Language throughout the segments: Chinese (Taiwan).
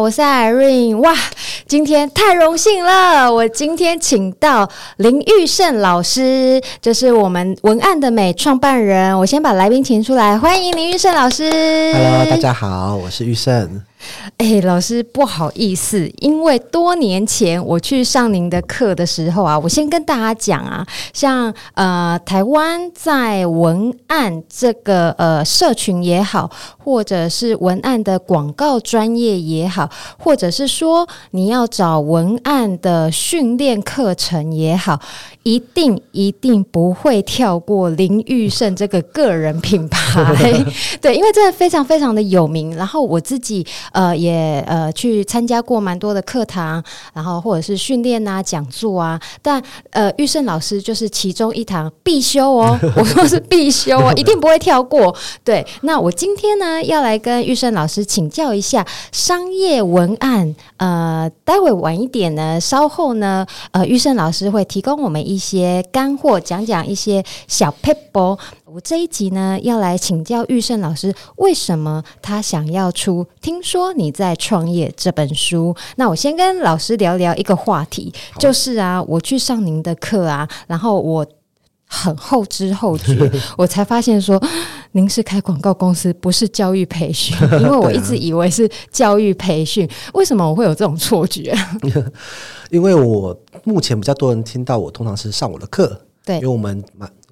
我是 Irene。哇，今天太榮幸了！我今天請到林育聖老師，這是我們文案的美創辦人。我先把來賓請出來，歡迎林育聖老師。Hello，大家好，我是育聖。欸，老師，不好意思，因為多年前我去上您的課的時候啊，我先跟大家講啊，像呃，台灣在文案這個呃社群也好，或者是文案的廣告專業也好，或者是說你要找文案的訓練課程也好。一定一定不會跳過林育聖這個個人品牌，對，因為真的非常非常的有名。然後我自己呃也呃去參加過蠻多的課堂，然後或者是訓練吶、講座啊。但呃育聖老師就是其中一堂必修哦、喔，我說是必修哦、喔，一定不會跳過。對，那我今天呢要來跟育聖老師請教一下商業文案。呃，待會晚一點呢，稍後呢，呃，育聖老師會提供我們一。一些乾貨，講講一些小撇步。我這一集呢，要來請教育聖老師，為什麼他想要出《聽說你在創業》這本書？那我先跟老師聊聊一個話題，好就是啊，我去上您的課啊，然後我。很後知後覺， 我才發現說您是開廣告公司，不是教育培訓，因為我一直以為是教育培訓。 對啊，為什麼我會有這種錯覺？因為我目前比較多人聽到我，通常是上我的課，對，因為我們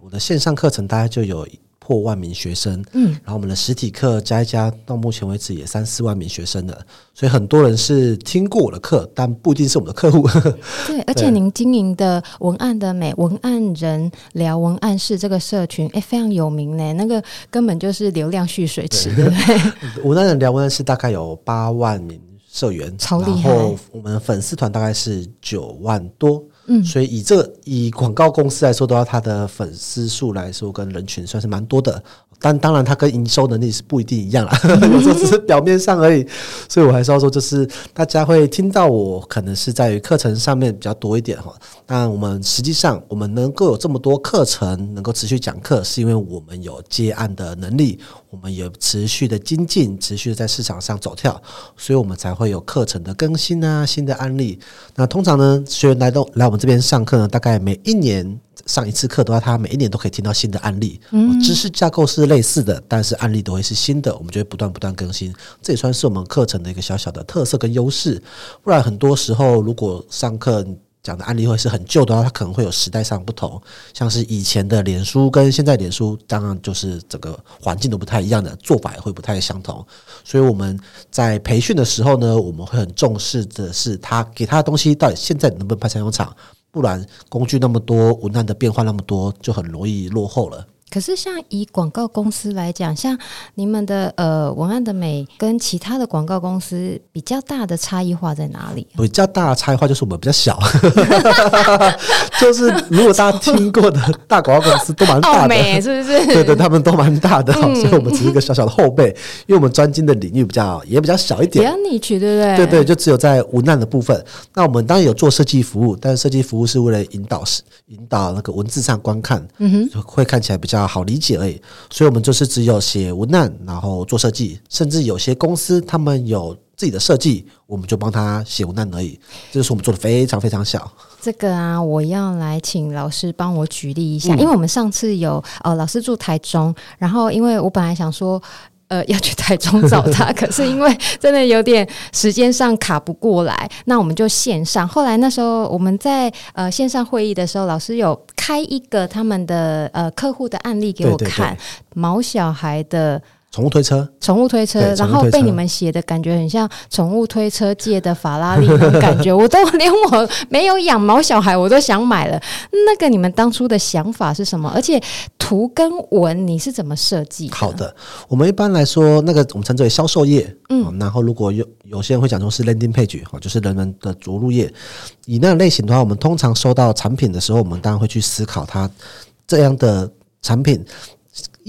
我的線上課程大概就有。過萬名學生，嗯，然後我們的實體課加一加，到目前為止也三四萬名學生了，所以很多人是聽過我的課，但不一定是我們的客戶。對，而且您經營的文案的美對文案人聊文案是這個社群，哎，非常有名呢。那個根本就是流量蓄水池。對對文案人聊文案是大概有八萬名社員，超厲害。我們的粉絲團大概是九萬多。嗯，所以以這個、以廣告公司來說的話，它的粉絲數來說，跟人群算是蠻多的。但當然，它跟營收能力是不一定一樣啦，我說只是表面上而已。所以我還是要說，就是大家會聽到我可能是在於課程上面比較多一點哈。那我們實際上，我們能夠有這麼多課程能夠持續講課，是因為我們有接案的能力，我們也持續的精進，持續的在市場上走跳，所以我們才會有課程的更新啊，新的案例。那通常呢，學員來都來我們這邊上課呢，大概每一年。上一次課的話，他每一年都可以聽到新的案例，嗯嗯，知識架構是類似的，但是案例都會是新的，我們就會不斷不斷更新，這也算是我們課程的一個小小的特色跟優勢。不然很多時候，如果上課講的案例會是很舊的話，它可能會有時代上不同，像是以前的臉書跟現在臉書，當然就是整個環境都不太一樣的，做法也會不太相同。所以我們在培訓的時候呢，我們會很重視的是他給他的東西到底現在能不能派上用場。不然，工具那麼多，文案的變化那麼多，就很容易落後了。可是，像以廣告公司來講，像你們的呃文案的美，跟其他的廣告公司比較大的差異化在哪裡？比較大的差異化就是我們比較小， 就是如果大家聽過的大廣告公司都蠻大的，是不是？對，對對，他們都蠻大的，嗯、所以我們只是個小小的後輩，因為我們專精的領域比較也比較小一點，比較 niche，對不對？對，對對，就只有在文案的部分。那我們當然有做設計服務，但是設計服務是為了引導是引導那個文字上觀看，嗯哼，會看起來比較。啊，好理解而已，所以我們就是只有寫文案，然後做設計，甚至有些公司他們有自己的設計，我們就幫他寫文案而已。這就是我們做的非常非常小。這個啊，我要來請老師幫我舉例一下，嗯、因為我們上次有呃老師住台中，然後因為我本來想說。呃，要去台中找他， 可是因為真的有點時間上卡不過來，那我們就線上。後來那時候我們在呃線上會議的時候，老師有開一個他們的呃客戶的案例給我看，對對對。毛小孩的。寵物推車，寵物推車，推車然後被你們寫的感覺很像寵物推車界的法拉利的感覺， 我都連我沒有養毛小孩，我都想買了。那個你們當初的想法是什麼？而且圖跟文你是怎麼設計的？好的，我們一般來說那個我們稱之為銷售頁。嗯，然後如果有有些人會講說是 landing page 哈，就是人們的着陸頁。以那個類型的話，我們通常收到產品的時候，我們當然會去思考它這樣的產品，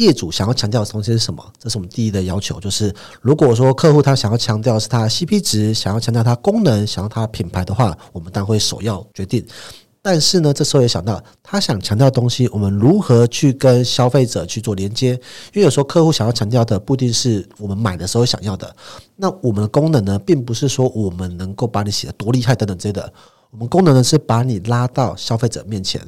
業主想要強調的東西是什麼？這是我們第一的要求，就是如果說客戶他想要強調的是他的 CP 值，想要強調他功能，想要他品牌的話，我們當然會首要決定。但是呢，這時候也想到他想強調的東西，我們如何去跟消費者去做連接？因為有時候客戶想要強調的不一定是我們買的時候想要的。那我們的功能呢，並不是說我們能夠把你寫得多厲害等等之類的。我們功能呢，是把你拉到消費者面前，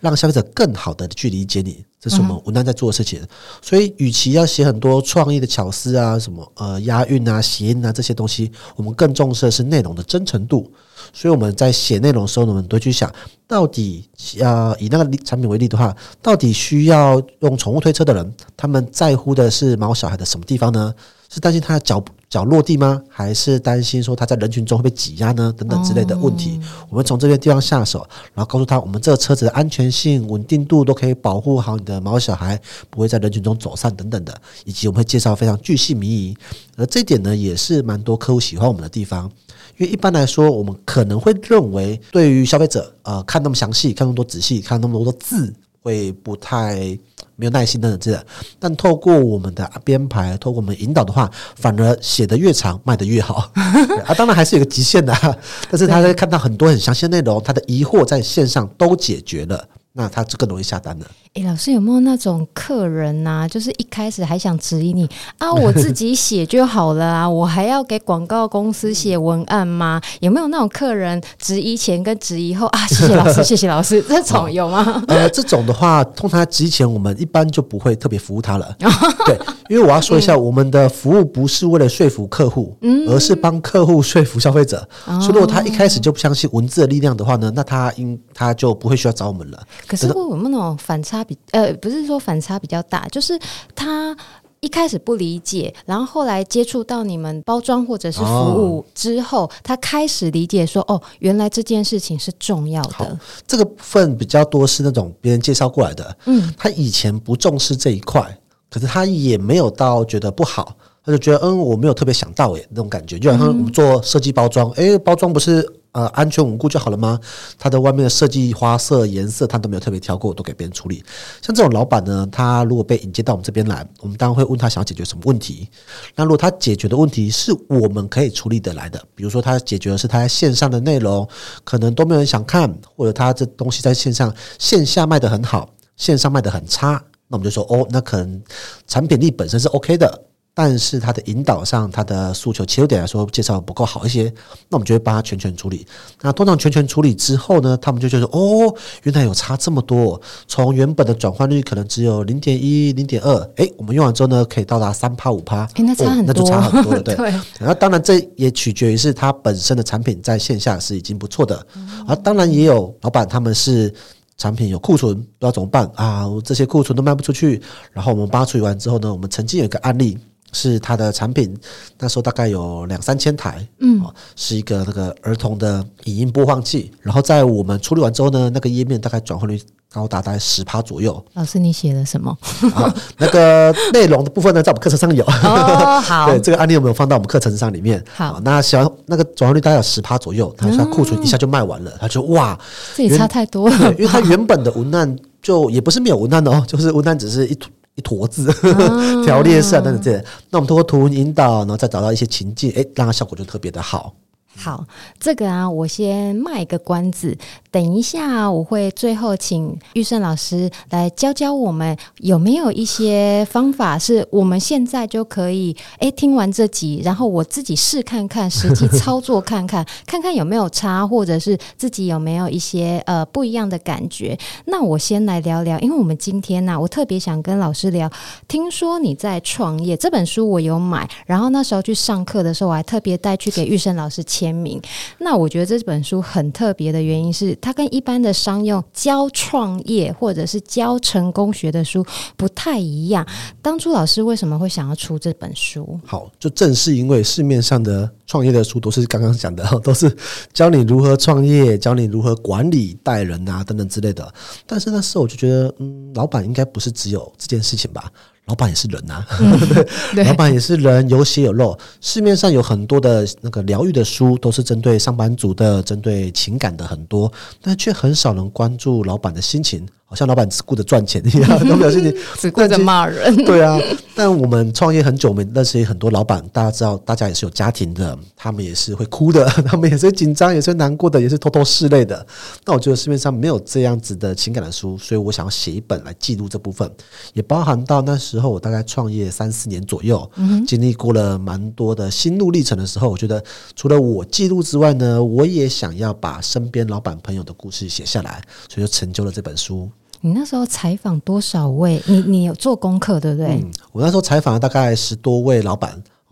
讓消費者更好的去理解你，這是我們文案在做的事情。Uh huh. 所以，與其要寫很多創意的巧思啊，什麼呃押韻啊、諧音啊這些東西，我們更重視的是內容的真誠度。所以我們在寫內容的時候，我們都去想到底啊，以那個產品為例的話，到底需要用寵物推車的人，他們在乎的是毛小孩的什麼地方呢？是擔心他的腳腳落地嗎？還是擔心說他在人群中會被擠壓呢？等等之類的問題，我們從這邊的地方下手，然後告訴他，我們這個車子的安全性、穩定度都可以保護好你的毛小孩不會在人群中走散等等的，以及我們會介紹非常巨細靡遺，而這一點呢也是蠻多客戶喜歡我們的地方，因為一般來說我們可能會認為對於消費者呃，看那麼詳細，看那麼多仔細看那麼多的字。會不太沒有耐心的這樣。但透過我們的編排，透過我們引導的話，反而寫得越長，賣得越好。 啊，當然還是有個極限的、啊，但是他在看到很多很詳細的內容，他的疑惑在線上都解決了。那他就更容易下單了。哎、欸，老師，有沒有那種客人吶、啊？就是一開始還想質疑你啊，我自己寫就好了啊， 我還要給廣告公司寫文案嗎？有沒有那種客人質疑前跟質疑後啊？謝謝老師，謝謝老師， 這種有嗎、呃？這種的話，通常在質疑前我們一般就不會特別服務他了。 對。因為我要說一下，嗯、我們的服務不是為了說服客戶，嗯、而是幫客戶說服消費者。嗯、所以，如果他一開始就不相信文字的力量的話呢，那他應他就不會需要找我們了。可是會有，有那種反差比，呃，不是說反差比較大，就是他一開始不理解，然後後來接觸到你們包裝或者是服務之後，哦、他開始理解說，哦，原來這件事情是重要的。這個部分比較多是那種別人介紹過來的，嗯，他以前不重視這一塊，可是他也沒有到覺得不好，他就覺得嗯，我沒有特別想到誒，那種感覺，就好像我們做設計包裝，誒、嗯欸，包裝不是呃安全穩固就好了嗎？他的外面的設計花色顏色他都沒有特別挑過，都給別人處理。像這種老闆呢，他如果被引薦到我們這邊來，我們當然會問他想要解決什麼問題。那如果他解決的問題是我們可以處理得來的，比如說他解決的是他在線上的內容可能都沒有人想看，或者他這東西在線上線下賣得很好，線上賣得很差。那我們就說，哦，那可能產品力本身是 OK 的，但是它的引導上、它的訴求切入點來說介紹不夠好一些。那我們就會幫他全權處理。那通常全權處理之後呢，他們就覺得，哦，原來有差這麼多，從原本的轉換率可能只有零點一、零點二，哎，我們用完之後呢，可以到達三趴五趴，那差很多，哦、那就差很多了，對。然對、啊、當然這也取決於是它本身的產品在線下是已經不錯的，而、嗯哼啊、當然也有老板他們是。產品有庫存，不知道怎麼辦啊！我這些庫存都賣不出去。然後我們幫他處理完之後呢，我們曾經有一個案例是他的產品，那時候大概有兩三千台，嗯、哦，是一個那個兒童的影音播放器。然後在我們處理完之後呢，那個頁面大概轉換率高達大概十趴左右。老師，你寫了什麼？那個內容的部分呢，在我們課程上有。哦、好， 對，這個案例有沒有放到我們課程上裡面？好，好，那小那個轉化率大概有十趴左右，他說庫存一下就賣完了，嗯、他說哇，這也差太多了。了。因為他原本的文案就也不是沒有文案的哦，哦就是文案只是一坨一坨字，條、哦、 列式啊，等等這些。那我們通過圖文引導，然後再找到一些情境，誒、欸，讓它效果就特別的好。好，這個啊，我先賣一個關子。等一下，我會最後請育聖老師來教教我們有沒有一些方法，是我們現在就可以哎聽完這集，然後我自己試看看實際操作看看， 看看有沒有差，或者是自己有沒有一些呃不一樣的感覺。那我先來聊聊，因為我們今天呢、啊，我特別想跟老師聊。聽說你在創業，這本書我有買，然後那時候去上課的時候，我還特別帶去給育聖老師簽名。那我覺得這本書很特別的原因是。它跟一般的商用教創業或者是教成功學的書不太一樣。當初老師為什麼會想要出這本書？好，就正是因為市面上的創業的書都是剛剛講的，都是教你如何創業、教你如何管理、帶人啊等等之類的。但是那時候我就覺得，嗯，老闆應該不是只有這件事情吧。老闆也是人吶、啊，嗯，老闆也是人，有血有肉。市面上有很多的那個療癒的書，都是針對上班族的，針對情感的很多，但卻很少能關注老闆的心情。好像老闆只顧着賺錢一樣，都表示你只顧着罵人。 對啊，但我們創業很久沒，認識很多老闆大家知道，大家也是有家庭的，他們也是會哭的，他們也是緊張，也是難過的，也是偷偷拭淚的。那我覺得市面上沒有這樣子的情感的書，所以我想要寫一本來記錄這部分，也包含到那時候我大概創業三四年左右，經歷過了蠻多的心路歷程的時候，我覺得除了我記錄之外呢，我也想要把身邊老闆朋友的故事寫下來，所以就成就了這本書。你那時候採訪多少位？你你有做功課對不對？嗯，我那時候採訪了大概十多位老闆。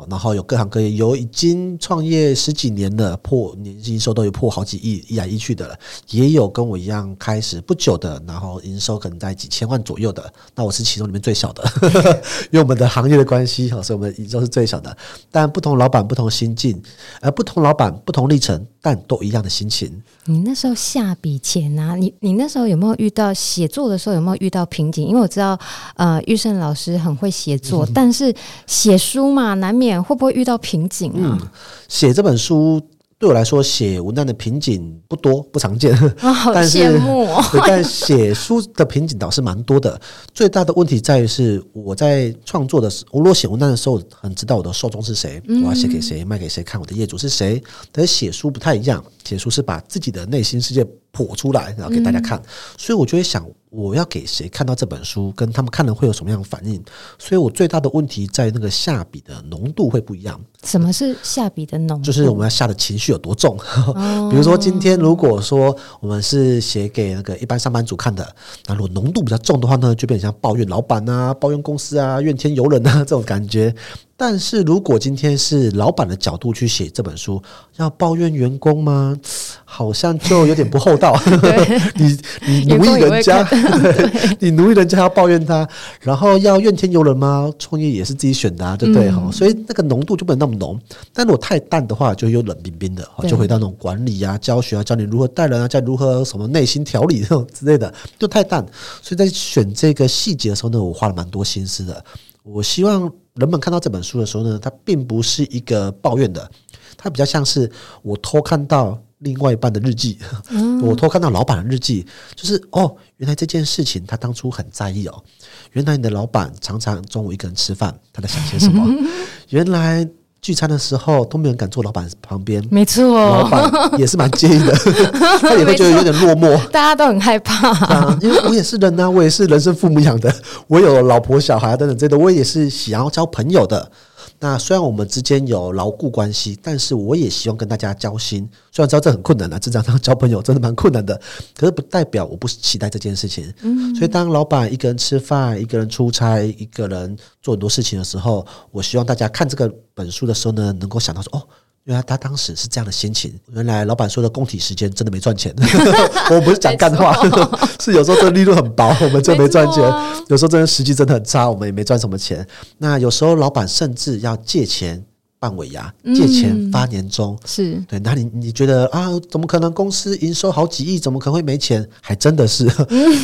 然後有各行各業，有已經創業十幾年的破年營收都有破好幾億一來一去的了，也有跟我一樣開始不久的，然後營收可能在幾千萬左右的。那我是其中裡面最小的， 因為我們的行業的關係，好，所以我們營收是最小的。但不同老闆不同心境，而、呃、不同老闆不同歷程，但都一樣的心情。你那時候下筆前啊？你你那時候有沒有遇到寫作的時候有沒有遇到瓶頸？因為我知道，呃，育聖老師很會寫作，嗯、但是寫書嘛，難免。會不會遇到瓶頸、啊？嗯，寫這本書對我來說，寫文案的瓶頸不多，不常見。哦、好羨慕、哦但是！但寫書的瓶頸倒是蠻多的。最大的問題在於是我在創作的時，我如果寫文案的時候，很知道我的受眾是誰，我要寫給誰，嗯、賣給誰看，我的業主是誰。但是寫書不太一樣，寫書是把自己的內心世界剖出來，然後給大家看，嗯、所以我就會想。我要給誰看到這本書，跟他們看了會有什麼樣的反應？所以，我最大的問題在那個下筆的濃度會不一樣。什麼是下筆的濃？就是我們要下的情緒有多重。 比如說，今天如果說我們是寫給那個一般上班族看的，那如果濃度比較重的話呢，就變成抱怨老闆啊、抱怨公司啊、怨天尤人啊這種感覺。但是如果今天是老闆的角度去寫這本書，要抱怨員工嗎？好像就有點不厚道。 對 你你奴役人家， 你奴役人家要抱怨他，然後要怨天尤人嗎？創業也是自己選的，啊，對不對？哈、嗯，所以那個濃度就不能那麼濃。但如果太淡的話，就又冷冰冰的，對就回到那種管理啊、教學啊，教你如何帶人啊，教如何什麼內心調理這種之類的，就太淡。所以在選這個細節的時候呢，我花了蠻多心思的，我希望。人們看到這本書的時候呢，它並不是一個抱怨的，它比較像是我偷看到另外一半的日記，嗯、我偷看到老闆的日記，就是哦，原來這件事情他當初很在意哦，原來你的老闆常常中午一個人吃飯，他在想些什麼， 原來。聚餐的時候都沒有人敢坐老闆旁邊，沒錯錯、哦，老闆也是蠻介意的， 他也會覺得有點落寞。大家都很害怕，啊啊，因為我也是人吶，啊，我也是人生父母養的，我有老婆小孩等等這，這的我也是想要交朋友的。那雖然我們之間有牢固關係，但是我也希望跟大家交心。雖然知道這很困難啊，正常交朋友真的蠻困難的，可是不代表我不期待這件事情。嗯、哼所以當老闆一個人吃飯、一個人出差、一個人做很多事情的時候，我希望大家看這個本書的時候呢，能夠想到說哦。原來他當時是這樣的心情。原來老板說的共體時艱真的沒賺錢，我不是講幹話，沒錯 是有時候這利潤很薄，我們真沒賺錢。有時候這時機真的很差，我們也沒賺什麼錢。那有時候老板甚至要借錢辦尾牙，借錢發年終、嗯，是對。那你你覺得啊，怎麼可能公司營收好幾億，怎麼可能會沒錢？還真的是，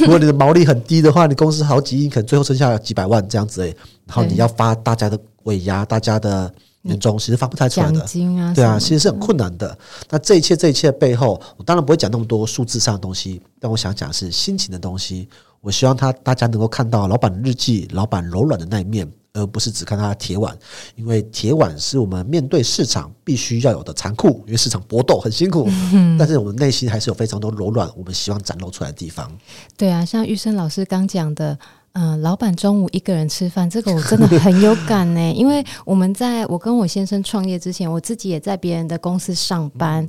如果你的毛利很低的話，你公司好幾億，可能最後剩下幾百萬這樣子誒。然後你要發大家的尾牙，大家的。年終其實發不太出來的，嗯、啊對啊，其實是很困難的。的那這一切這一切的背後，我當然不會講那麼多數字上的東西，但我想講的是心情的東西。我希望他大家能夠看到老闆的日記，老闆柔軟的那一面，而不是只看他的鐵腕，因為鐵腕是我們面對市場必須要有的殘酷，因為市場搏鬥很辛苦。嗯、哼但是我們內心還是有非常多柔軟，我們希望展露出來的地方。對啊，像育聖老師剛講的。嗯、呃，老闆中午一個人吃飯，這個我真的很有感呢。 因為我們在我跟我先生創業之前，我自己也在別人的公司上班。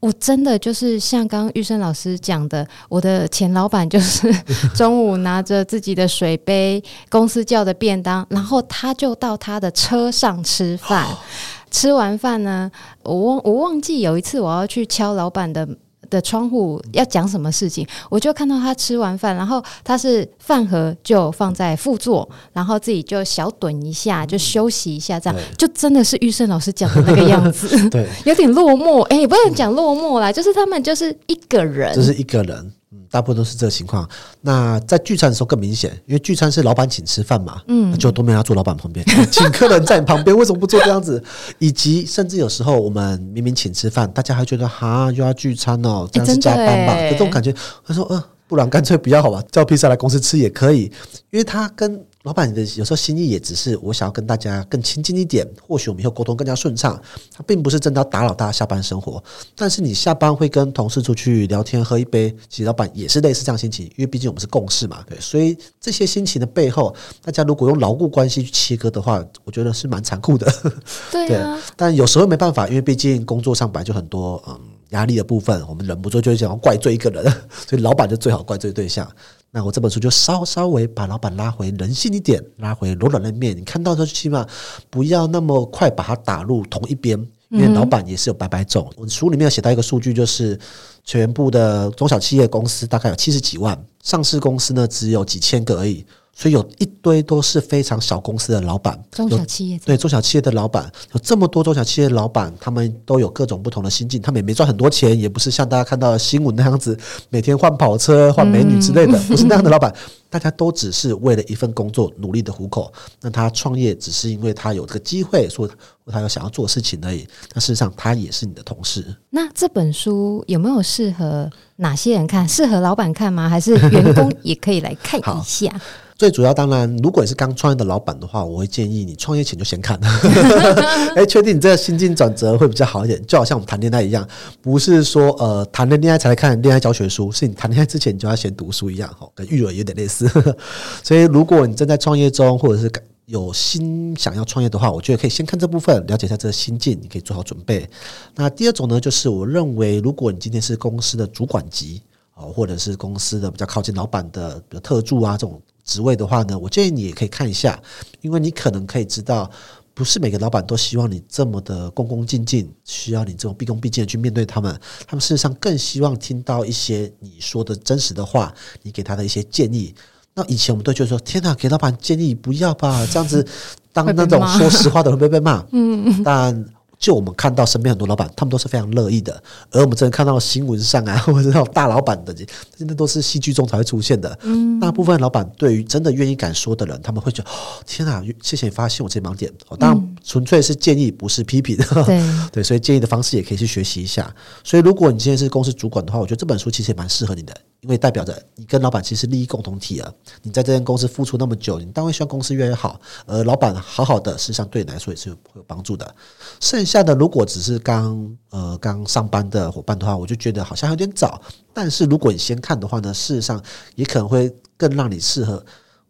我真的就是像剛育聖老師講的，我的前老闆就是中午拿着自己的水杯， 公司叫的便當，然後他就到他的車上吃飯。吃完飯呢，我我忘記有一次我要去敲老闆的。的窗戶要講什麼事情，我就看到他吃完飯，然後他是飯盒就放在副座，然後自己就小蹲一下，就休息一下，這樣、嗯、就真的是育聖老師講的那個樣子， 對，有點落寞，哎、欸，不用講落寞啦，嗯、就是他們就是一個人，就是一個人。大部分都是這個情況，那在聚餐的時候更明顯，因為聚餐是老板請吃飯嘛，嗯，就都沒有要坐老板旁邊， 請客人在你旁邊，為什麼不做這樣子？以及甚至有時候我們明明請吃飯，大家還覺得哈又要聚餐哦，這樣子加班吧？欸欸、這種感覺，他說呃，不然乾脆不要好吧，叫披薩來公司吃也可以，因為他跟。老闆的有時候心意也只是我想要跟大家更親近一點，或許我們以後溝通更加順暢。他並不是真的要打擾大家下班生活，但是你下班會跟同事出去聊天喝一杯，其實老闆也是類似這樣心情，因為畢竟我們是共事嘛，對。所以這些心情的背後，大家如果用勞務關係去切割的話，我覺得是蠻殘酷的。對啊。 對但有時候沒辦法，因為畢竟工作上本來就很多嗯壓力的部分，我們忍不住就會想要怪罪一個人，所以老闆就最好怪罪對象。那我這本書就稍稍微把老板拉回人性一點，拉回柔軟的面。你看到的時候，起碼不要那麼快把它打入同一邊，因為老板也是有百百種。嗯、我書裡面有寫到一個數據，就是全部的中小企業公司大概有七十幾萬，上市公司呢只有幾千個而已。所以有一堆都是非常小公司的老闆，中小企業對中小企業的老闆有這麼多中小企業的老闆，他們都有各種不同的心境。他們也沒賺很多錢，也不是像大家看到的新聞那樣子每天換跑車、換美女之類的，嗯、不是那樣的。老闆。 大家都只是為了一份工作努力的糊口。那他創業只是因為他有這個機會，說他有想要做事情而已。那事實上，他也是你的同事。那這本書有沒有適合哪些人看？適合老闆看嗎？還是員工也可以來看一下？ 最主要，當然，如果你是剛創業的老闆的話，我會建議你創業前就先看。誒、 欸，確定你這個心境轉折會比較好一點，就好像我們談戀愛一樣，不是說呃談了戀愛才來看戀愛教學書，是你談戀愛之前你就要先讀書一樣，吼，跟育兒有點類似。 所以，如果你正在創業中，或者是有心想要創業的話，我覺得可以先看這部分，了解一下這個心境，你可以做好準備。那第二種呢，就是我認為，如果你今天是公司的主管級啊，或者是公司的比較靠近老闆的，比如特助啊這種。職位的話呢，我建議你也可以看一下，因為你可能可以知道，不是每個老闆都希望你這麼的恭恭敬敬，需要你這種畢恭畢敬的去面對他們。他們事實上更希望聽到一些你說的真實的話，你給他的一些建議。那以前我們都覺得說，天哪，啊，給老闆建議不要吧，這樣子當那種說實話的會不會被罵？ 嗯，但。就我們看到身邊很多老板，他們都是非常樂意的。而我們真的看到新聞上啊，或者那種大老板的，真的都是戲劇中才會出現的。嗯，大部分老板對於真的願意敢說的人，他們會覺得，哦，天哪，啊，謝謝你發現我這盲點。哦，當，嗯。純粹是建議，不是批評的。對，對，所以建議的方式也可以去學習一下。所以，如果你今天是公司主管的話，我覺得這本書其實也蠻適合你的，因為代表着你跟老板其實利益共同體啊。你在這間公司付出那麼久，你當然希望公司越來越好。而老板好好的，事實上對你來說也是有會有幫助的。剩下的，如果只是剛呃剛上班的夥伴的話，我就覺得好像有點早。但是，如果你先看的話呢，事實上也可能會更讓你適合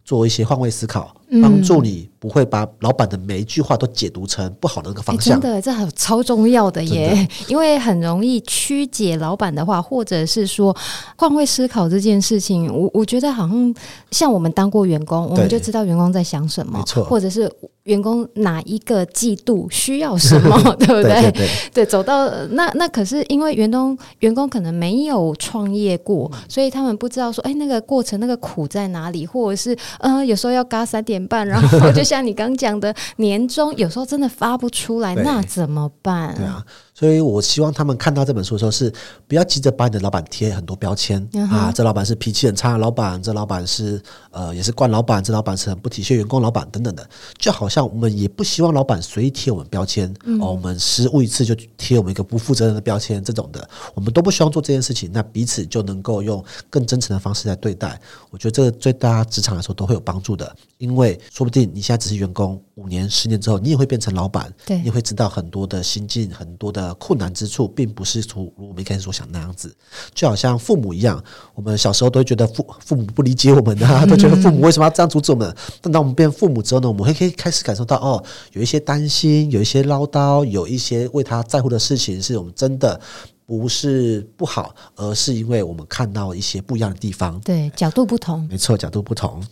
做一些換位思考。幫助你不會把老闆的每一句話都解讀成不好的一個方向。欸，真的，這很超重要的耶，真的 因為很容易曲解老闆的話，或者是說換位思考這件事情。我我覺得好像像我們當過員工，對 我們就知道員工在想什麼，沒錯 或者是員工哪一個季度需要什麼， 對不對？對,對,對,對，走到那那可是因為員工員工可能沒有創業過，嗯、所以他們不知道說，哎、欸，那個過程那個苦在哪裡，或者是嗯、呃，有時候要嘎三點。辦，然後就像你剛講的， 年終有時候真的發不出來，那怎麼辦？所以我希望他們看到這本書的時候，是不要急着把你的老板貼很多標籤啊，這老板是脾氣很差，老板這老板是呃也是慣老板，這老板是很不體恤員工，老板等等的，就好像我們也不希望老板隨意貼我們標籤，哦，我們失誤一次就貼我們一個不負責任的標籤這種的，我們都不希望做這件事情，那彼此就能夠用更真誠的方式來對待，我覺得這個對大家職場來說都會有幫助的，因為說不定你現在只是員工，五年、十年之後你也會變成老板，你也會知道很多的心境很多的。困難之處並不是如我們一開始所想那樣子，就好像父母一樣，我們小時候都會覺得父父母不理解我們呢、啊，都覺得父母為什麼要這樣阻止我們。但當我們變父母之後呢，我們會可以開始感受到哦，有一些擔心，有一些嘮叨，有一些為他在乎的事情，是我們真的不是不好，而是因為我們看到一些不一樣的地方，對，角度不同，沒錯，角度不同。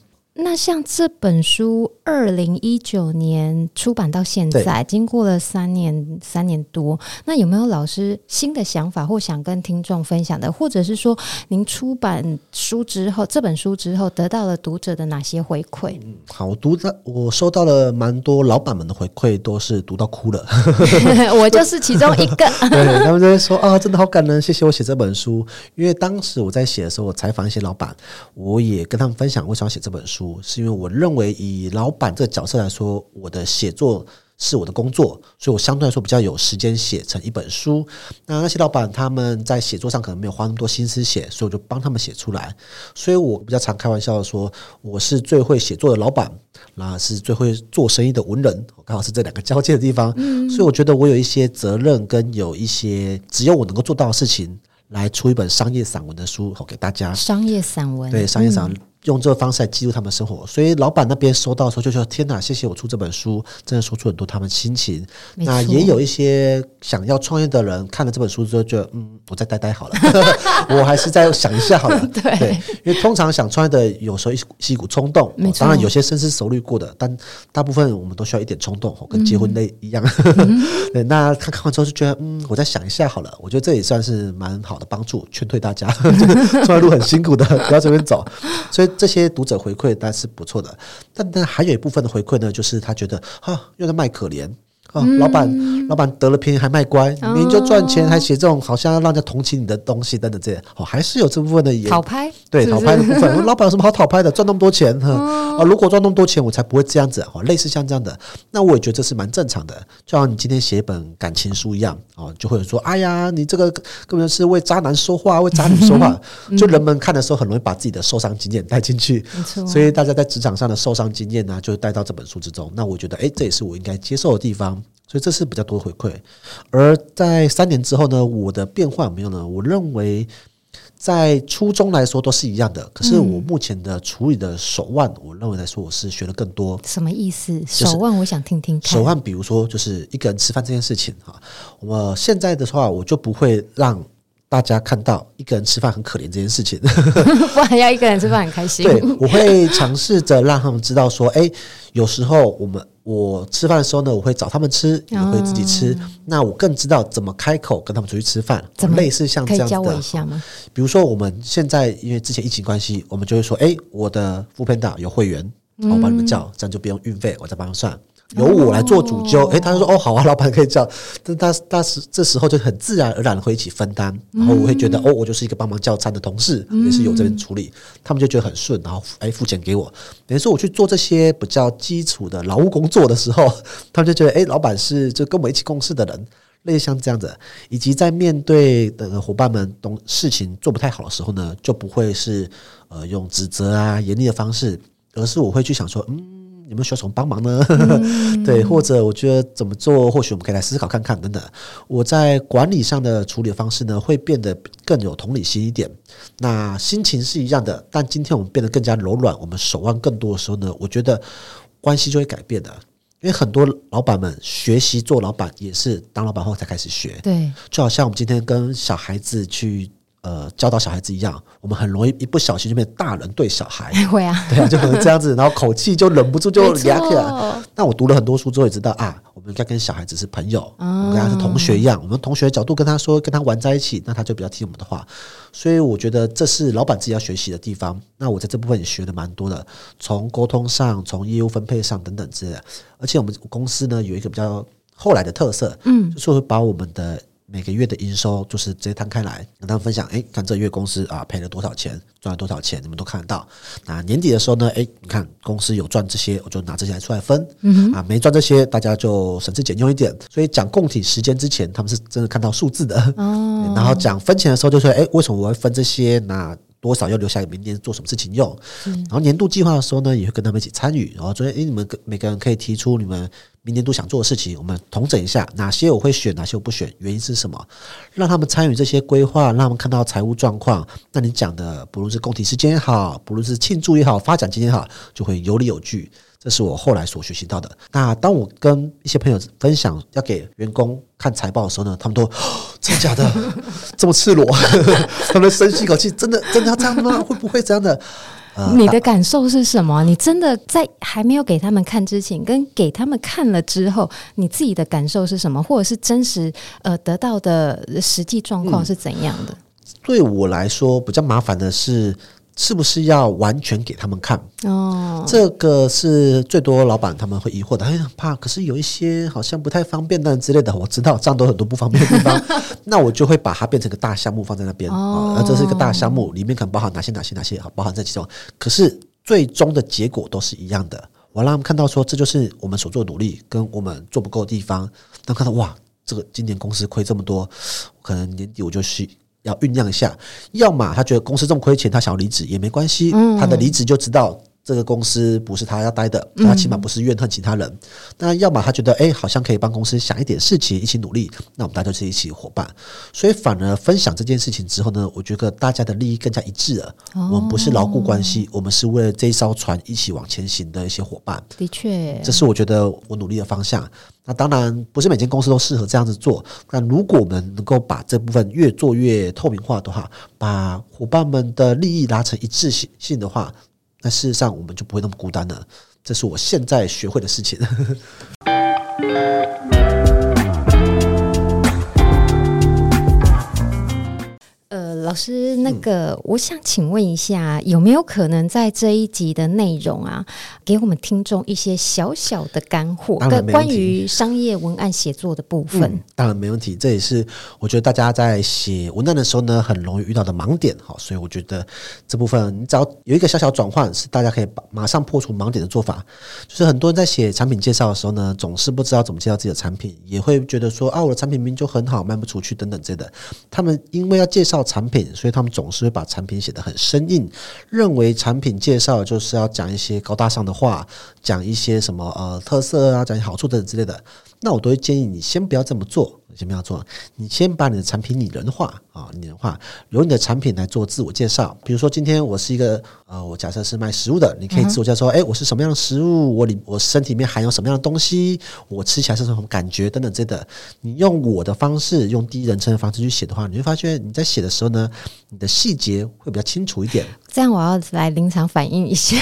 那像這本書，二零一九年出版到現在，對經過了三年三年多，那有沒有老師新的想法或想跟聽眾分享的，或者是說您出版書之後，這本書之後得到了讀者的哪些回饋？嗯，好，我讀者我收到了蠻多老板們的回饋，都是讀到哭了， 我就是其中一個。 對，他們在說啊，真的好感人，謝謝我寫這本書，因為當時我在寫的時候，我採訪一些老板，我也跟他們分享我想要寫這本書。是因為我認為以老闆這個角色來說，我的寫作是我的工作，所以我相對來說比較有時間寫成一本書。那那些老闆他們在寫作上可能沒有花那麼多心思寫，所以我就幫他們寫出來。所以我比較常開玩笑說，我是最會寫作的老闆，那是最會做生意的文人，剛好是這兩個交界的地方。嗯、所以我覺得我有一些責任，跟有一些只有我能夠做到的事情，來出一本商業散文的書給大家。商業散文，對，商業散文。嗯用這個方式來記錄他們生活，所以老闆那邊收到的時候就說：“天哪，謝謝我出這本書，真的說出很多他們心情。錯”那也有一些想要創業的人看了這本書之後，覺得：“嗯，我再待待好了， 我還是再想一下好了。對”對，因為通常想創業的有時候是一股衝動錯、哦，當然有些深思熟慮過的，但大部分我們都需要一點衝動、哦、跟結婚那一樣。嗯、 對那他看完之後就覺得：“嗯，我再想一下好了。”我覺得這也算是蠻好的幫助，勸退大家創 業路很辛苦的，不要隨便走。所以。這些讀者回饋當然是不錯的，但但還有一部分的回饋呢，就是他覺得啊，又在賣可憐。哦，老闆，嗯、老闆得了便宜還賣乖，你、哦、就賺錢還寫這種好像要讓人家同情你的東西，等等這些，哦，還是有這部分的討拍，對討拍的部分。老闆有什麼好討拍的？賺那麼多錢，哦、啊，如果賺那麼多錢，我才不會這樣子。哦，類似像這樣的，那我也覺得這是蠻正常的，就像你今天寫一本感情書一樣，哦，就會有說，哎呀，你這個根本是為渣男說話，為渣女說話，嗯、就人們看的時候很容易把自己的受傷經驗帶進去，沒錯。所以大家在職場上的受傷經驗呢，就帶到這本書之中。那我覺得，哎、欸，這也是我應該接受的地方。所以這是比較多回饋，而在三年之後呢？我的變化有沒有呢？我認為在初衷來說都是一樣的，可是我目前的處理的手腕，我認為來說我是學的更多。什麼意思？手腕我想聽聽看。手腕，比如說就是一個人吃飯這件事情哈，我現在的話我就不會讓大家看到一個人吃飯很可憐這件事情， 不然要一個人吃飯很開心。 對，我會嘗試着讓他們知道說，哎、欸，有時候我們我吃飯的時候呢，我會找他們吃，也會自己吃。嗯、那我更知道怎麼開口跟他們出去吃飯，怎麼類似像這樣的，教我一下嗎？比如說我們現在因為之前疫情關係，我們就會說，哎、欸，我的 Food Panda 有會員，嗯、我幫你們叫，這樣就不用運費，我再幫他們算。由我來做主揪，誒、哦欸，他就說哦，好啊，老闆可以叫，但他但是這時候就很自然而然的會一起分擔，然後我會覺得、嗯、哦,我就是一個幫忙叫餐的同事，也是有這邊處理，嗯、他們就覺得很順，然後誒，付、欸、錢給我，等於說我去做這些比較基礎的勞務工作的時候，他們就覺得誒、欸，老闆是就跟我一起共事的人，類似像這樣子，以及在面對的夥伴們東事情做不太好的時候呢，就不會是呃用指責啊嚴厲的方式，而是我會去想說嗯。你們需要什麼幫忙呢？嗯、 對，或者我覺得怎麼做，或許我們可以來思考看看等等。我在管理上的處理方式呢，會變得更有同理心一點。那心情是一樣的，但今天我們變得更加柔軟，我們手腕更多的時候呢，我覺得關係就會改變的。因為很多老闆們學習做老闆，也是當老闆後才開始學。對，就好像我們今天跟小孩子去。呃，教導小孩子一樣，我們很容易一不小心就變大人對小孩會 對啊， 對啊，就可能這樣子，然後口氣就忍不住就嚴厲。那 錯我讀了很多書之後也知道啊，我們應該跟小孩子是朋友，嗯、我們跟他是同學一樣，我們同學的角度跟他說，跟他玩在一起，那他就比較聽我們的話。所以我覺得這是老闆自己要學習的地方。那我在這部分也學的蠻多的，從溝通上，從業務分配上等等之類的。而且我們公司呢有一個比較後來的特色，嗯，就是會把我們的。每個月的營收就是直接攤開來跟他們分享，誒、欸，看這月公司啊賠了多少錢，賺了多少錢，你們都看得到。那年底的時候呢，誒、欸，你看公司有賺這些，我就拿這些來出來分，嗯、哼啊，沒賺這些，大家就省吃儉用一點。所以講共體時艱之前，他們是真的看到數字的，哦、然後講分錢的時候就說，誒、欸，為什麼我會分這些？那多少要留下來明年做什麼事情用？嗯、然後年度計劃的時候呢，也會跟他們一起參與，然後昨天因為你們每個人可以提出你們。明年都想做的事情，我們統整一下，哪些我會選，哪些我不選，原因是什麼？讓他們參與這些規劃，讓他們看到財務狀況。那你講的，不論是工體時間也好，不論是慶祝也好，發展今天也好，就會有理有據。這是我後來所學習到的。那當我跟一些朋友分享要給員工看財報的時候呢，他們都、哦、真假的這麼赤裸， 他們深吸一口氣，真的真的要這樣嗎？會不會這樣的？呃、你的感受是什麼？你真的在還沒有給他們看之前，跟給他們看了之後，你自己的感受是什麼？或者是真實呃得到的實際狀況是怎樣的？嗯，對我來說，比較麻煩的是，是不是要完全給他們看？哦，這個是最多老板他們會疑惑的，哎呀很怕。可是有一些好像不太方便但之類的，我知道這樣都很多不方便的地方，那我就會把它變成一個大項目放在那邊啊。那這是一個大項目，裡面可能包含哪些哪些哪些，好包含在其中。可是最終的結果都是一樣的，我讓他們看到說，這就是我們所做的努力跟我們做不夠的地方。那看到哇，這個今年公司虧這麼多，可能年底我就去。要醞釀一下，要麼他覺得公司這麼虧錢，他想要離職也沒關係，嗯、他的離職就知道。這個公司不是他要待的，他起碼不是怨恨其他人。嗯、那要麼他覺得，哎、欸，好像可以幫公司想一點事情，一起努力。那我們大家就是一起夥伴，所以反而分享這件事情之後呢，我覺得大家的利益更加一致了。哦、我們不是勞雇關係，我們是為了這一艘船一起往前行的一些夥伴。的確確，這是我覺得我努力的方向。那當然不是每間公司都適合這樣子做。那如果我們能夠把這部分越做越透明化的話，把夥伴們的利益拉成一致性性的話，那事實上，我們就不會那麼孤單了。這是我現在學會的事情。 老師，那個我想請問一下，嗯、有沒有可能在這一集的內容啊，給我們聽眾一些小小的乾貨？當然沒問題。關於商業文案寫作的部分，嗯，當然沒問題。這也是我覺得大家在寫文案的時候呢，很容易遇到的盲點哈。所以我覺得這部分，你只要有一個小小轉換，是大家可以馬上破除盲點的做法。就是很多人在寫產品介紹的時候呢，總是不知道怎麼介紹自己的產品，也會覺得說啊，我的產品明明就很好，賣不出去等等之類的。他們因為要介紹產品。所以他們總是會把產品寫得很生硬，認為產品介紹就是要講一些高大上的話，講一些什麼呃特色啊，講好處等等之類的。那我都會建議你先不要這麼做。前麼要做，你先把你的產品擬人化啊，擬、哦、擬人化，由你的產品來做自我介紹。比如說，今天我是一個呃，我假設是賣食物的，你可以自我介紹說：哎、嗯哼欸，我是什麼樣的食物？我裡我身體裡面含有什麼樣的東西？我吃起來是什麼感覺？等等之類的。你用我的方式，用第一人稱的方式去寫的話，你會發現你在寫的時候呢，你的細節會比較清楚一點。這樣我要來臨場反應一下，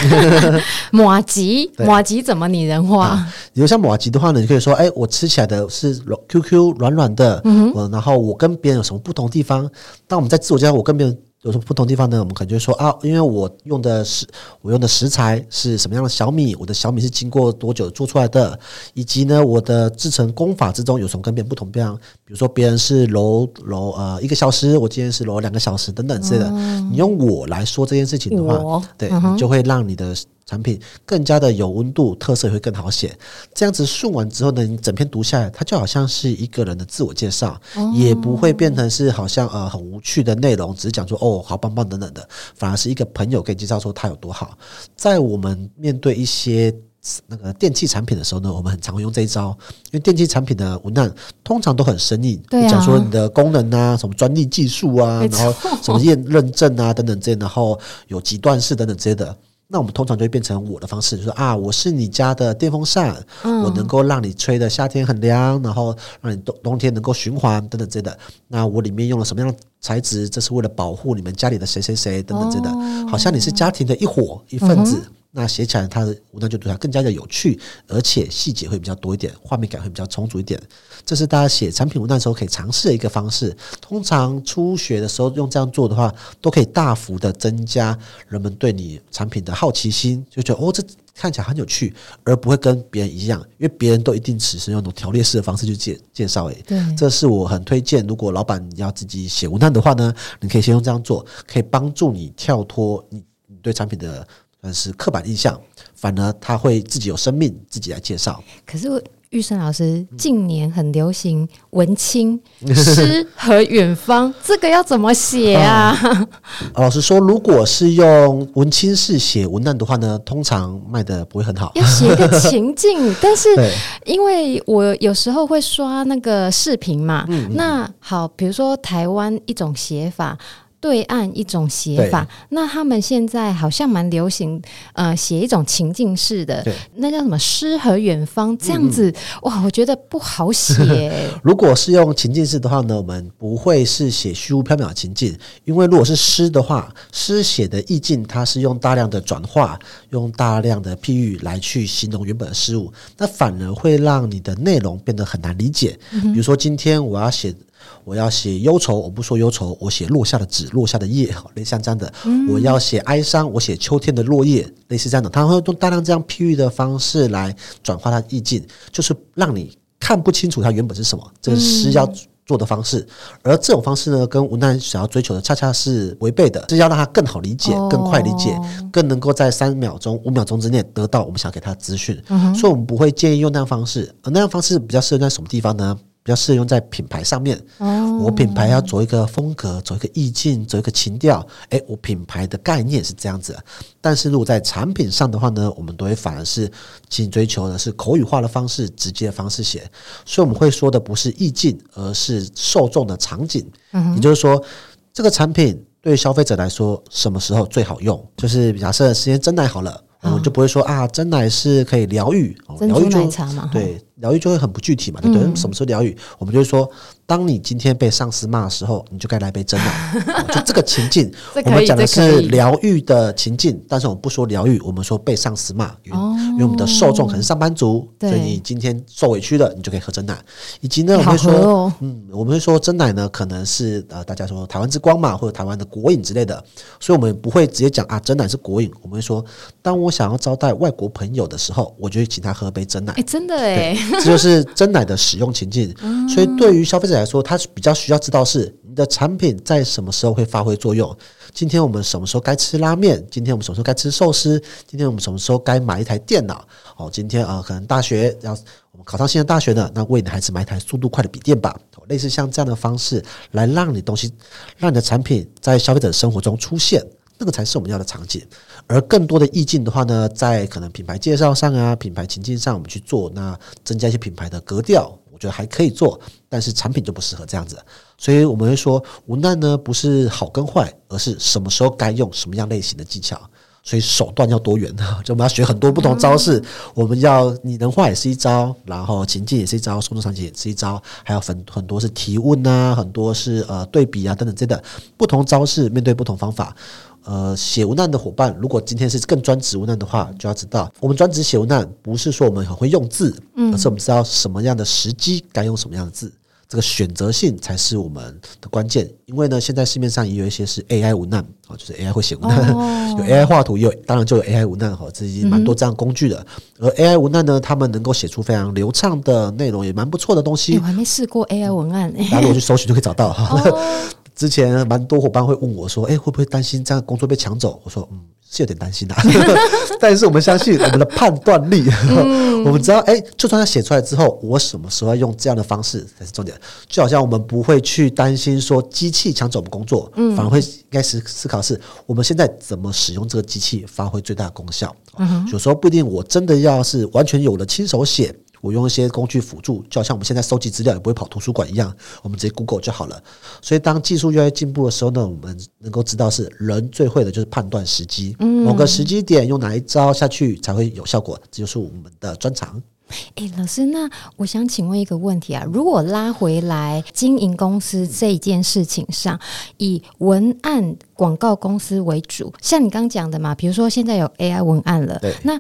麻糬，麻糬怎麼擬人化？嗯、比如像麻糬的話呢，你可以說：哎、欸，我吃起來的是軟 QQ 軟。軟的，嗯，然後我跟別人有什麼不同地方？當我們在自我介紹，我跟別人有什麼不同地方呢？我們可能就會說啊，因為我用的是我用的食材是什麼樣的小米，我的小米是經過多久做出來的，以及呢，我的製程工法之中有什麼跟別人不同比方？比如說別人是揉揉呃一個小時，我今天是揉兩個小時等等之類的。嗯、你用我來說這件事情的話，嗯、哼對，就會讓你的。產品更加的有溫度，特色也會更好寫。這樣子順完之後呢，你整篇讀下來，它就好像是一個人的自我介紹，嗯、也不會變成是好像呃很無趣的內容，只是講說哦好棒棒等等的，反而是一個朋友可以介紹說他有多好。在我們面對一些那個電器產品的時候呢，我們很常用這一招，因為電器產品的文案通常都很生硬，講、啊、說你的功能啊，什麼專利技術啊，錯然後什麼驗認證啊等等這些，然後有幾段式等等之類的。那我們通常就會變成我的方式，就說啊，我是你家的電風扇，我能夠讓你吹的夏天很涼，然後讓你冬冬天能夠循環等等之類的。那我裡面用了什麼樣的材質？這是為了保護你們家裡的誰誰誰等等之類的，好像你是家庭的一伙一份子。嗯嗯嗯嗯。那寫起來，它的文案就對它更加的有趣，而且細節會比較多一點，畫面感會比較充足一點。這是大家寫產品文案的時候可以嘗試的一個方式。通常初學的時候用這樣做的話，都可以大幅的增加人們對你產品的好奇心，就覺得哦，這看起來很有趣，而不會跟別人一樣，因為別人都一定只是用那種條列式的方式去介介紹。哎，對，這是我很推薦。如果老闆你要自己寫文案的話呢，你可以先用這樣做，可以幫助你跳脫你你對產品的。但是刻板印象，反而他會自己有生命，自己來介紹。可是育聖老師近年很流行文青詩和遠方， 這個要怎麼寫啊？哦、老實說，如果是用文青式寫文案的話呢，通常賣得不會很好。要寫一個情境， 對但是因為我有時候會刷那個視頻嘛，嗯、那好，比如說台灣一種寫法。對岸一種寫法，對那他們現在好像蠻流行，呃，寫一種情境式的，對那叫什麼“詩和遠方”這樣子，嗯、哇，我覺得不好寫欸。如果是用情境式的話呢，我們不會是寫虛無縹緲的情境，因為如果是詩的話，詩寫的意境它是用大量的轉化，用大量的譬喻來去形容原本的事物，那反而會讓你的內容變得很難理解。嗯、哼比如說今天我要寫。我要寫憂愁，我不說憂愁，我寫落下的紙，落下的葉、嗯，類似這樣的。我要寫哀傷，我寫秋天的落葉，類似這樣的。他會用大量這樣譬喻的方式來轉化他意境，就是讓你看不清楚他原本是什麼。這個詩要做的方式，嗯、而這種方式呢，跟文案想要追求的恰恰是違背的。這、就是要讓他更好理解，更快理解，哦、更能夠在三秒鐘、五秒鐘之內得到我們想給他資訊。嗯、哼所以，我們不會建議用那樣方式。而那樣方式比較適合在什麼地方呢？比較適用在品牌上面，哦、我品牌要走一個風格，走一個意境，走一個情調。誒、欸，我品牌的概念是這樣子的。但是，如果在產品上的話呢，我們都會反而是盡追求的是口語化的方式，直接的方式寫。所以，我們會說的不是意境，而是受眾的場景。嗯哼，也就是說，這個產品對消費者來說，什麼時候最好用？就是假設時間珍奶好了，我們、哦嗯、就不會說啊，珍奶是可以療癒，療、哦、癒奶茶嘛，對。哦療癒就會很不具體嘛，對不對？什麼是療癒？我們就說。當你今天被上司罵的時候，你就該來杯珍奶、 呃。就這個情境， 以我們講的是療癒的情境，但是我們不說療癒，我們說被上司罵，因為，哦、因為我們的受眾可能上班族，對所以你今天受委屈了，你就可以喝珍奶。以及呢，欸、我們會說，哦、嗯，我們會說珍奶呢，可能是呃，大家說台灣之光嘛，或者台灣的國飲之類的，所以我們不會直接講啊，珍奶是國飲。我們會說，當我想要招待外國朋友的時候，我就會請他喝杯珍奶。哎、欸，真的哎，這就是珍奶的使用情境。嗯、所以對於消費者。來說，它是比較需要知道是你的產品在什麼時候會發揮作用。今天我們什麼時候該吃拉麵？今天我們什麼時候該吃壽司？今天我們什麼時候該買一台電腦？哦，今天啊、呃，可能大學要我們考上新的大學的，那為你孩子買一台速度快的筆電吧、哦。類似像這樣的方式來讓你東西，讓你的產品在消費者生活中出現，那個才是我們要的場景。而更多的意境的話呢，在可能品牌介紹上啊，品牌情境上我們去做，那增加一些品牌的格調。覺得還可以做，但是產品就不適合這樣子，所以我們會說，無奈呢，不是好跟壞，而是什麼時候該用什麼樣類型的技巧，所以手段要多元，就我們要學很多不同招式，我們要擬人化也是一招，然後情境也是一招，說多場景也是一招，還有很很多是提問啊，很多是呃對比啊等等這的，不同招式面對不同方法。呃，寫文案的伙伴，如果今天是更專職文案的話，就要知道，我們專職寫文案不是說我們很會用字，嗯、而是我們知道什麼樣的時機該用什麼樣的字，這個選擇性才是我們的關鍵。因為呢，現在市面上也有一些是 AI 文案，就是 AI 會寫文案，哦，有 AI 畫圖，有當然就有 AI 文案哈，這些蠻多這樣的工具的。嗯、哼而 AI 文案呢，他們能夠寫出非常流暢的內容，也蠻不錯的東西。欸、我還沒試過 AI 文案，欸，大家如果去搜尋就可以找到哈。哦 之前蠻多夥伴會問我說，誒、欸，會不會擔心這樣的工作被搶走？我說，嗯，是有點擔心吶。 但是我們相信我們的判斷力，嗯、我們知道，誒、欸，就算他寫出來之後，我什麼時候要用這樣的方式才是重點。就好像我們不會去擔心說機器搶走我們工作，嗯，反而會開始思考是我們現在怎麼使用這個機器發揮最大的功效。嗯、哼有時候不一定，我真的要是完全有了親手寫。我用一些工具輔助，就好像我們現在收集資料也不會跑圖書館一樣，我們直接 Google 就好了。所以，當技術越來越進步的時候呢，我們能夠知道是人最會的就是判斷時機，某、嗯、個時機點用哪一招下去才會有效果，這就是我們的專長。哎、欸，老師，那我想請問一個問題啊，如果拉回來經營公司這一件事情上，以文案廣告公司為主，像你剛講的嘛，比如說現在有 AI 文案了，對那。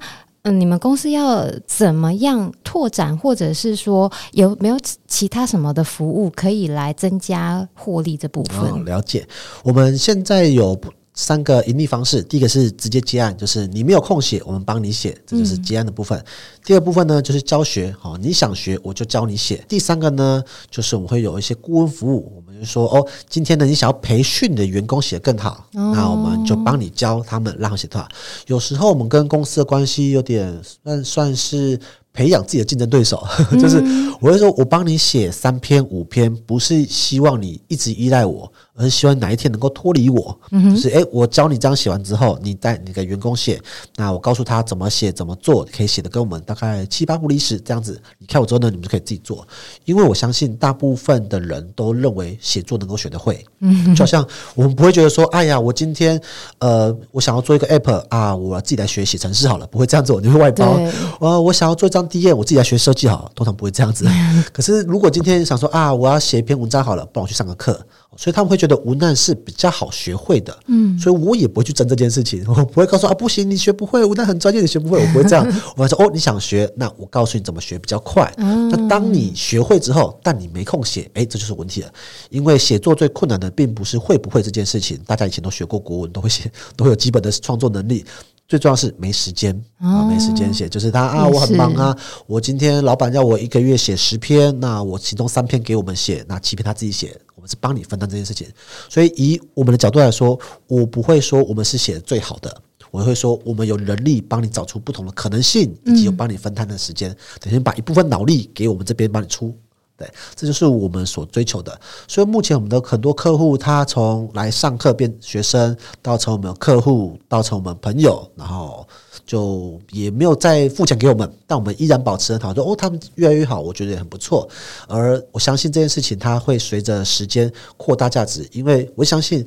嗯，你們公司要怎麼樣拓展，或者是說有沒有其他什麼的服務可以來增加獲利這部分？哦，了解，我們現在有三個盈利方式。第一個是直接接案，就是你沒有空寫，我們幫你寫，這就是接案的部分。嗯。第二部分呢，就是教學，好，哦，你想學我就教你寫。第三個呢，就是我們會有一些顧問服務。就說哦，今天呢，你想要培訓你的員工寫得更好，哦、那我們就幫你教他們，讓他寫的好。有時候我們跟公司的關係有點算算是培養自己的競爭對手、嗯呵呵，就是我會說，我幫你寫三篇五篇，不是希望你一直依賴我，而是希望哪一天能夠脫離我。嗯、哼就是誒、欸，我教你這樣寫完之後，你帶你的員工寫，那我告訴他怎麼寫怎麼做，可以寫得跟我們大概七八不離十這樣子。你看我之後呢，你們就可以自己做，因為我相信大部分的人都認為。寫作能夠學得會，嗯，就好像我們不會覺得說，哎呀，我今天，呃，我想要做一個 app 啊，我自己來學寫程式好了，不會這樣子，我就會外包，哦，我想要做一張 DM，我自己來學設計好，通常不會這樣子。可是如果今天想說啊，我要寫一篇文章好了，幫我去上個課。所以他們會覺得文案是比較好學會的，嗯，所以我也不會去爭這件事情，我不會告訴啊，不行，你學不會，文案很專業，你學不會，我不會這樣， 我會說，哦，你想學，那我告訴你怎麼學比較快。嗯，那當你學會之後，但你沒空寫，誒、欸，這就是問題了，因為寫作最困難的並不是會不會這件事情，大家以前都學過國文，都會寫，都有基本的創作能力。最重要是沒時間啊，沒時間寫，就是他啊，我很忙啊，我今天老闆叫我一個月寫十篇，那我其中三篇給我們寫，那七篇他自己寫，我們是幫你分擔這件事情。所以以我們的角度來說，我不會說我們是寫的最好的，我會說我們有能力幫你找出不同的可能性，以及有幫你分攤的時間，等於把一部分腦力給我們這邊幫你出。對，這就是我們所追求的。所以目前我們的很多客戶，他從來上課變學生，到成我們客戶，到成我們朋友，然後就也沒有再付錢給我們，但我們依然保持很好。就哦，他們越來越好，我覺得也很不錯。而我相信這件事情，它會隨着時間擴大價值，因為我相信。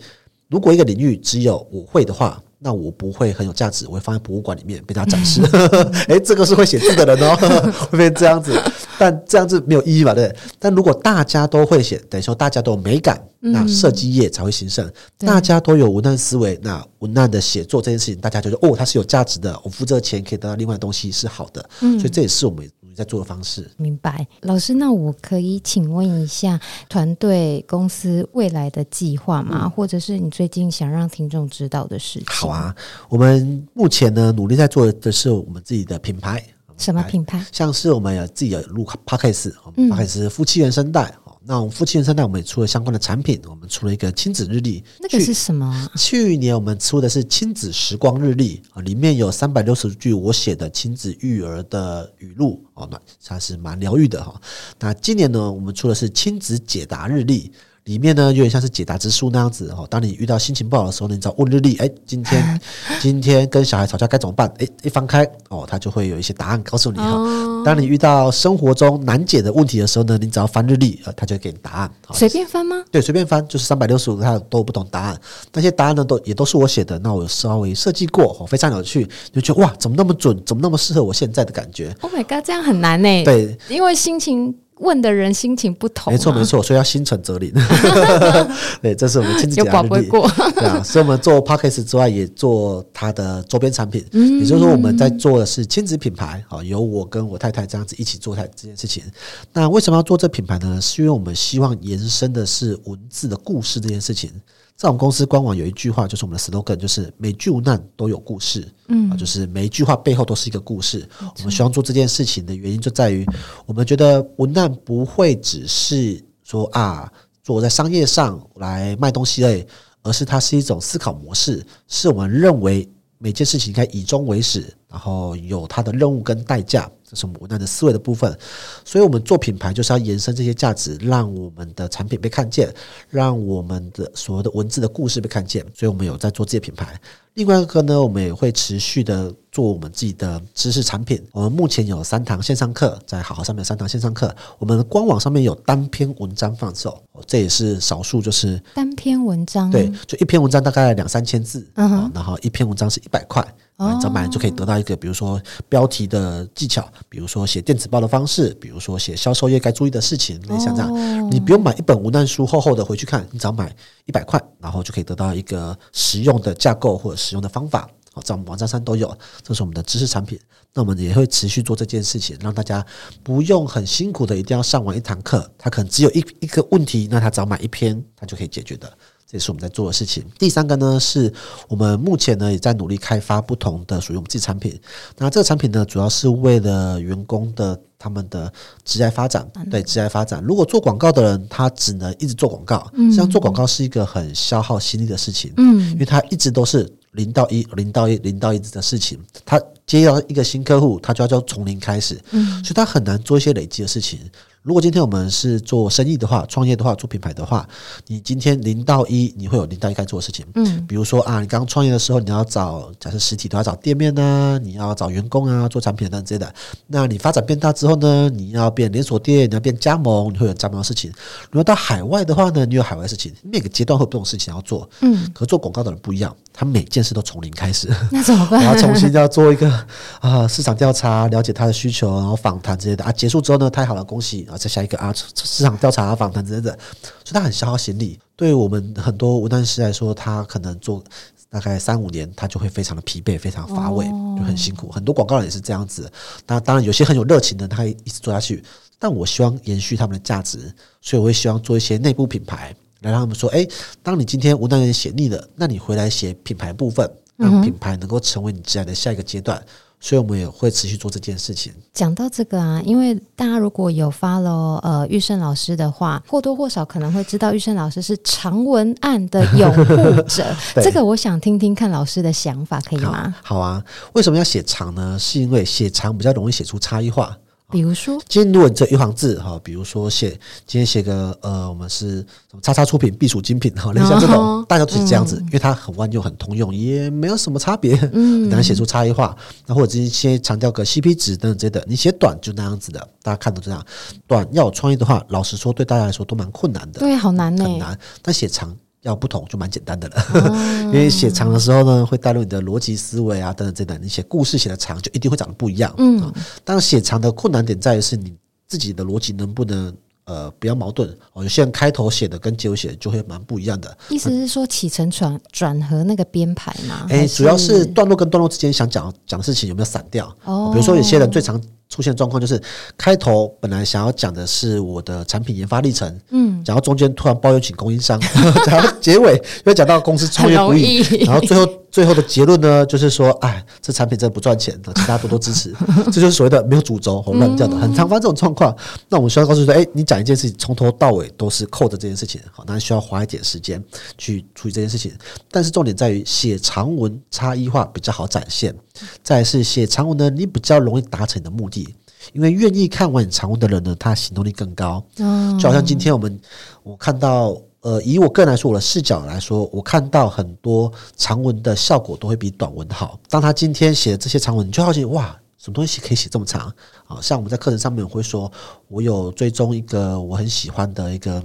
如果一個領域只有我會的話，那我不會很有價值，我會放在博物館裡面被大家展示。哎、嗯 欸，這個是會寫字的人哦，會變這樣子？但這樣子沒有意義吧？對，不對。但如果大家都會寫，等於說大家都有美感，那設計業才會興盛。嗯、大家都有文案思維，對那文案的寫作這件事情，大家就覺得哦，它是有價值的，我付這個錢可以得到另外的東西是好的。嗯、所以這也是我們。在做的方式，明白。老師，那我可以請問一下團隊公司未來的計劃嗎？或者是你最近想讓聽眾知道的事情？好啊，我們目前呢，努力在做的是我們自己的品牌。什麼品牌？像是我們有自己的錄 Podcast，Podcast、嗯、夫妻人生帶，那我們夫妻人生帶，我們也出了相關的產品。我們出了一個親子日曆，那個是什麼？去年我們出的是親子時光日曆啊，裡面有三百六十句我寫的親子育兒的語錄哦，那它是蠻療癒的哈。那今年呢，我們出的是親子解答日曆。裡面呢，有點像是解答之書那樣子哦。當你遇到心情不好的時候呢，你只要問日曆，哎、欸，今天 今天跟小孩吵架該怎麼辦？哎、欸，一翻開哦，它就會有一些答案告訴你哈。哦、當你遇到生活中難解的問題的時候呢，你只要翻日曆，啊、呃，它就會給你答案。隨、哦、便翻嗎？對，隨便翻，就是三百六十五個它都有不同答案。那些答案呢，都也都是我寫的，那我有稍微設計過、哦，非常有趣，你就覺得哇，怎麼那麼準，怎麼那麼適合我現在的感覺？Oh my God，這樣很難呢、欸。對，因為心情。問的人心情不同，沒錯、欸、沒錯，所以要心誠則靈。 對，這是我們親子講的 對所以我們做 podcast 之外，也做他的周邊產品，嗯、也就是說，我們在做的是親子品牌啊，由我跟我太太這樣子一起做他這件事情。那為什麼要做這品牌呢？是因為我們希望延伸的是文字的故事這件事情。在我們公司官網有一句話，就是我們的 slogan，就是每句文案都有故事，嗯、啊、就是每一句話背後都是一個故事。嗯、我們希望做這件事情的原因，就在於我們覺得文案不會只是說啊，做在商業上來賣東西而已，而是它是一種思考模式，是我們認為每件事情應該以終為始，然後有它的任務跟代價。這是文案的思維的部分，所以我們做品牌就是要延伸這些價值，讓我們的產品被看見，讓我們的所有的文字的故事被看見。所以我們有在做這些品牌。另外一個呢，我們也會持續的。做我們自己的知識產品，我們目前有三堂線上課在好好上面，三堂線上課，我們的官網上面有單篇文章放售，這也是少數就是單篇文章，對，就一篇文章大概兩三千字，然後一篇文章是一百塊，你只要買你就可以得到一個，比如說標題的技巧，比如說寫電子報的方式，比如說寫銷售業該注意的事情，你像這樣，你不用買一本無難書厚厚的回去看，你只要買一百塊，然後就可以得到一個實用的架構或者實用的方法。哦，在我們網站上都有，這是我們的知識產品。那我們也會持續做這件事情，讓大家不用很辛苦的一定要上完一堂課，他可能只有一一個問題，那他只要買一篇，他就可以解決的。這也是我們在做的事情。第三個呢，是我們目前呢也在努力開發不同的屬於我們自己產品。那這個產品呢，主要是為了員工的他們的職業發展，嗯，對，職業發展。如果做廣告的人，他只能一直做廣告，實際上做廣告是一個很消耗心力的事情，嗯，因為他一直都是。零到一，零到一，零到一的事情，他接到一個新客戶，他就要就從零開始，嗯，所以他很難做一些累積的事情。如果今天我們是做生意的話，創業的話，做品牌的話，你今天零到一，你會有零到一該做的事情，嗯，比如說啊，你剛創業的時候，你要找假設實體的話，的要找店面啊，你要找員工啊，做產品那之類的。那你發展變大之後呢，你要變連鎖店，你要變加盟，你會有加盟的事情。如果到海外的話呢，你有海外事情，每、那個階段會有不同事情要做，嗯，可是做廣告的人不一樣。他每件事都從零開始，那怎麼辦？要重新要做一個啊、呃，市場調查，了解他的需求，然後訪談之類的啊。結束之後呢，太好了，恭喜啊！再下一個啊，市場調查、啊、訪談之類的，所以他很消耗心力。對於我們很多文案師來說，他可能做大概三五年，他就會非常的疲憊，非常乏味，哦、就很辛苦。很多廣告人也是這樣子。那當然，有些很有熱情的，他可以一直做下去。但我希望延續他們的價值，所以我會希望做一些內部品牌。然後他們說：“誒、欸，當你今天文案寫膩了，那你回來寫品牌部分，讓品牌能夠成為你自然的下一個階段。嗯、哼所以，我們也會持續做這件事情。”講到這個啊，因為大家如果有 follow 呃育聖老師的話，或多或少可能會知道育聖老師是長文案的擁護者。 這個我想聽聽看老師的想法，可以嗎？好，好啊，為什麼要寫長呢？是因為寫長比較容易寫出差異化。比如說，今天如果你只有一行字哈，比如說寫今天寫個呃，我們是什麼叉叉出品，必屬精品哈，人家這種，大家都是這樣子，嗯、因為它很萬用又很通用，也沒有什麼差別，嗯，很難寫出差異化。那或者今天先強調個 CP 值等等之類的，你寫短就那樣子的，大家看到這樣短，要有創意的話，老實說對大家來說都蠻困難的，對，好難呢、欸，很難。但寫長。要不同就蠻簡單的了，嗯、因為寫長的時候呢，會帶入你的邏輯思維啊等等等等。你寫故事寫的長，就一定會長得不一樣。嗯，嗯，但是寫長的困難點在於是你自己的邏輯能不能呃不要矛盾。哦，有些人開頭寫的跟結尾寫的就會蠻不一樣的。意思是說起承轉轉合那個編排嘛？誒、欸，主要是段落跟段落之間想講講的事情有沒有散掉？哦、比如說有些人最常。出現狀況就是，開頭本來想要講的是我的產品研發歷程，嗯，然後中間突然抱怨起供應商，然後、嗯、結尾又講 易到公司創業不易，然後最後最後的結論呢，就是說，哎，這產品真的不賺錢，請大家多多支持。 這就是所謂的沒有主軸，我亂掉的很常發生這種狀況。嗯、那我們需要告訴說，哎、欸，你講一件事情從頭到尾都是扣着這件事情，好，那需要花一點時間去處理這件事情。但是重點在於寫長文差異化比較好展現。再是寫長文呢，你比較容易達成你的目的，因為願意看完你長文的人呢，他行動力更高。嗯，就好像今天我們我看到，呃，以我個人來說，我的視角來說，我看到很多長文的效果都會比短文好。當他今天寫這些長文，你就好奇：哇，什麼東西可以寫這麼長？啊，哦，像我們在課程上面會說，我有追蹤一個我很喜歡的一個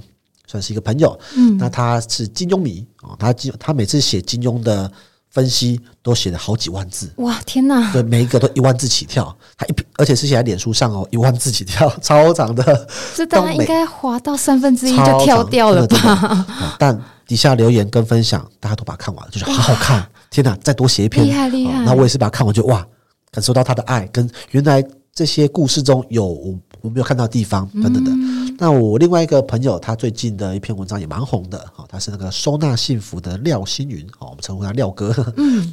算是一個朋友，嗯，那他是金庸迷啊，哦，他金他每次寫金庸的。分析都寫了好幾萬字，哇天吶！對，每一個都一萬字起跳，他一篇，而且是寫在臉書上哦，一萬字起跳，超長的。這當然每應該滑到三分之一就跳掉了吧？但底下留言跟分享，大家都把它看完了，就是好好看，哇天吶！再多寫一篇，厲害厲害。那、嗯、我也是把它看完就，就哇，感受到他的愛，跟原來這些故事中有我我沒有看到的地方等等的。嗯對對對。那我另外一個朋友，他最近的一篇文章也蠻紅的，哈，他是那個收納幸福的廖星云，哦，我們稱呼他廖哥，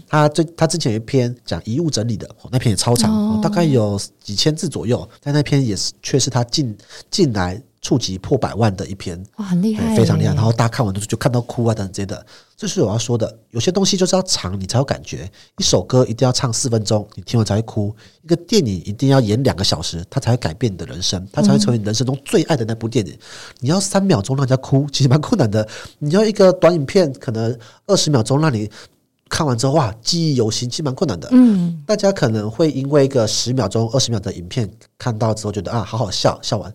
他最他之前有一篇講遺物整理的，那篇也超長，大概有幾千字左右，但那篇也是，卻是他近進來。觸及破百萬的一篇哇，很厲害、嗯，非常厲害。然後大家看完之後就看到哭啊等等之類的，這是我要說的。有些東西就是要長你才有感覺，一首歌一定要唱四分鐘，你聽完才會哭；一個電影一定要演兩個小時，它才會改變你的人生，它才會成為你人生中最愛的那部電影。嗯、你要三秒鐘讓人家哭，其實蠻困難的；你要一個短影片，可能二十秒鐘讓你看完之後哇，記憶猶新，其實蠻困難的。嗯，大家可能會因為一個十秒鐘、二十秒的影片。看到之後覺得啊，好好笑，笑完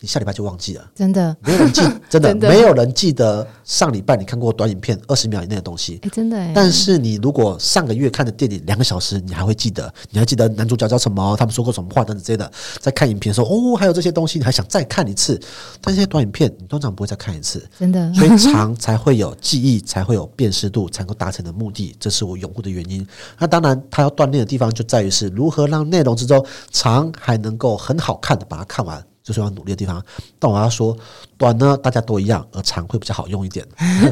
你下禮拜就忘記了，真的，沒有人記，真的，真的沒有人記得上禮拜你看過短影片二十秒以內的東西，欸、真的、欸。但是你如果上個月看的電影兩個小時，你還會記得，你還記得男主角叫什麼，他們說過什麼話等等之類的。在看影片的時候，哦，還有這些東西，你還想再看一次。但這些短影片，你通常不會再看一次，真的。所以長才會有記憶，才會有辨識度，才能夠達成的目的，這是我擁護的原因。那當然，他要鍛鍊的地方就在於是如何讓內容之中長還能夠。很好看的，把它看完，就是要努力的地方。但我要說。短呢，大家都一樣，而長會比較好用一點。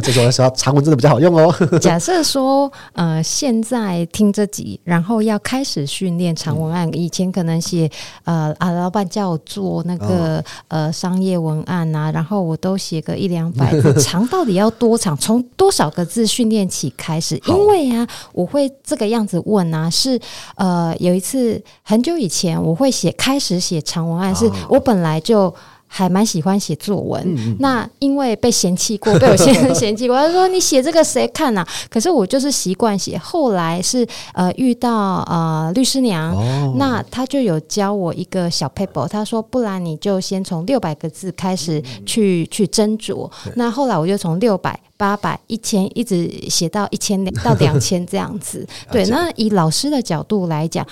這個我要說，長文真的比較好用哦。假設說，呃，現在聽這集，然後要開始訓練長文案。嗯、以前可能寫，呃啊，老闆叫我做那個，呃，商業文案啊，嗯、然後我都寫個一兩百字。嗯、長到底要多長？從多少個字訓練起開始？好 因為啊，我會這個樣子問啊，是呃，有一次很久以前，我會寫開始寫長文案，啊、是我本來就。還蠻喜歡寫作文，嗯嗯那因為被嫌棄過，被我先生嫌棄過，他 說你寫這個誰看吶、啊？可是我就是習慣寫。後來是呃遇到呃律師娘，哦、那她就有教我一個小 paper，她說不然你就先從六百個字開始去嗯嗯嗯嗯去斟酌。對 那後來我就從六百、八百、一千一直寫到一千兩到兩千這樣子。 了解 對，那以老師的角度來講。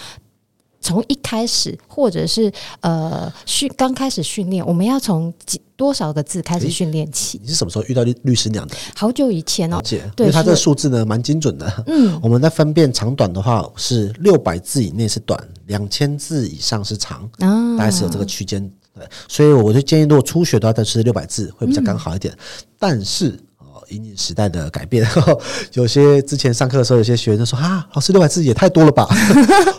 從一開始，或者是呃訓剛開始訓練，我們要從幾多少個字開始訓練起？你，你是什麼時候遇到律律師娘的？好久以前哦、啊，解對，他這個數字呢，蠻精準的。嗯是，我們在分辨長短的話，是六百字以內是短，兩千字以上是長，嗯、大概是有這個區間。對，所以我就建議，如果初學的話，再是六百字會比較剛好一點，嗯、但是。引領時代的改變。有些之前上課的時候，有些學生說：“啊，老師六百字也太多了吧？”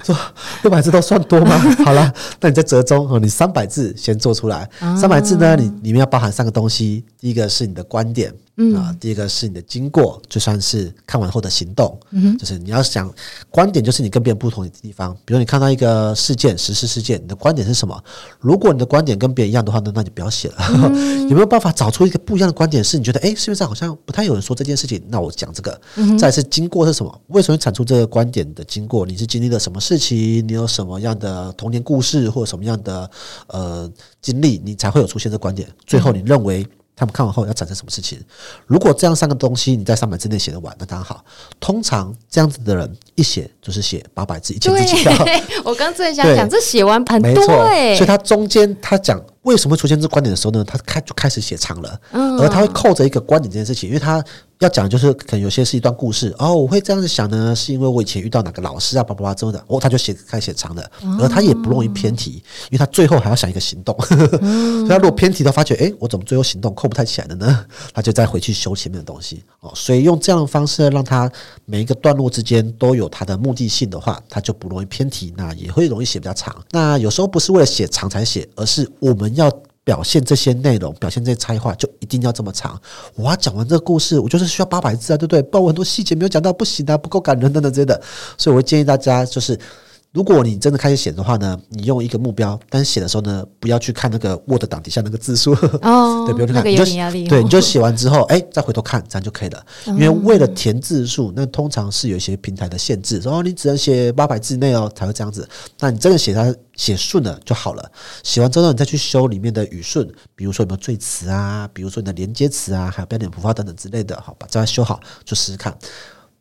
說六百字都算多嗎？好了，那你再折中，你三百字先做出來。三百字呢，你裡面要包含三個東西：第一個是你的觀點。嗯啊，第一個是你的經過，就算是看完後的行動，嗯，哼，就是你要想觀點，就是你跟別人不同的地方。比如你看到一個事件、時事事件，你的觀點是什麼？如果你的觀點跟別人一樣的話呢，那你不要寫了。嗯、 有沒有辦法找出一個不一樣的觀點？是你覺得，誒、欸，市面上好像不太有人說這件事情，那我講這個。嗯、哼再次經過是什麼？為什麼你產出這個觀點的經過？你是經歷了什麼事情？你有什麼樣的童年故事，或者什麼樣的呃經歷，你才會有出現這觀點？嗯、最後，你認為？他們看完後要產生什麼事情？如果這樣三個東西你在三百字內寫得完，那當然好。通常這樣子的人一寫就是寫八百字，對一千字以上。我剛正想講對，這寫完很多，欸，所以他中間他講。為什麼會出現這觀點的時候呢？他開就開始寫長了，而他會扣着一個觀點這件事情，因為他要講就是可能有些是一段故事哦、喔，我會這樣子想呢，是因為我以前遇到哪個老師啊，叭叭叭之後的，哦，他就寫開寫長了，而他也不容易偏題，因為他最後還要想一個行動， 所以如果偏題，他發覺誒、欸，我怎麼最後行動扣不太起來了呢？他就再回去修前面的東西哦、喔，所以用這樣的方式讓他每一個段落之間都有他的目的性的話，他就不容易偏題，那也會容易寫比較長。那有時候不是為了寫長才寫，而是我們。要表現這些內容，表現這些差異化，就一定要這麼長。我要講完這個故事，我就是需要八百字啊，對不對？包括很多細節沒有講到，不行啊，不夠感人等等之類的。所以，我會建議大家就是。如果你真的開始寫的話呢，你用一個目標，但是寫的時候呢，不要去看那個 Word 檔底下那個字數哦， 對，不要去看，哦、你就對，你就寫完之後，哎、欸，再回頭看，這樣就可以了。因為為了填字數，那通常是有一些平台的限制，說、哦、你只能寫八百字以內哦，才會這樣子。那你真的寫它寫順了就好了，寫完之後你再去修裡面的語順，比如說有沒有贅詞啊，比如說你的連接詞啊，還有標點符號等等之類的，好吧，這樣修好就試試看。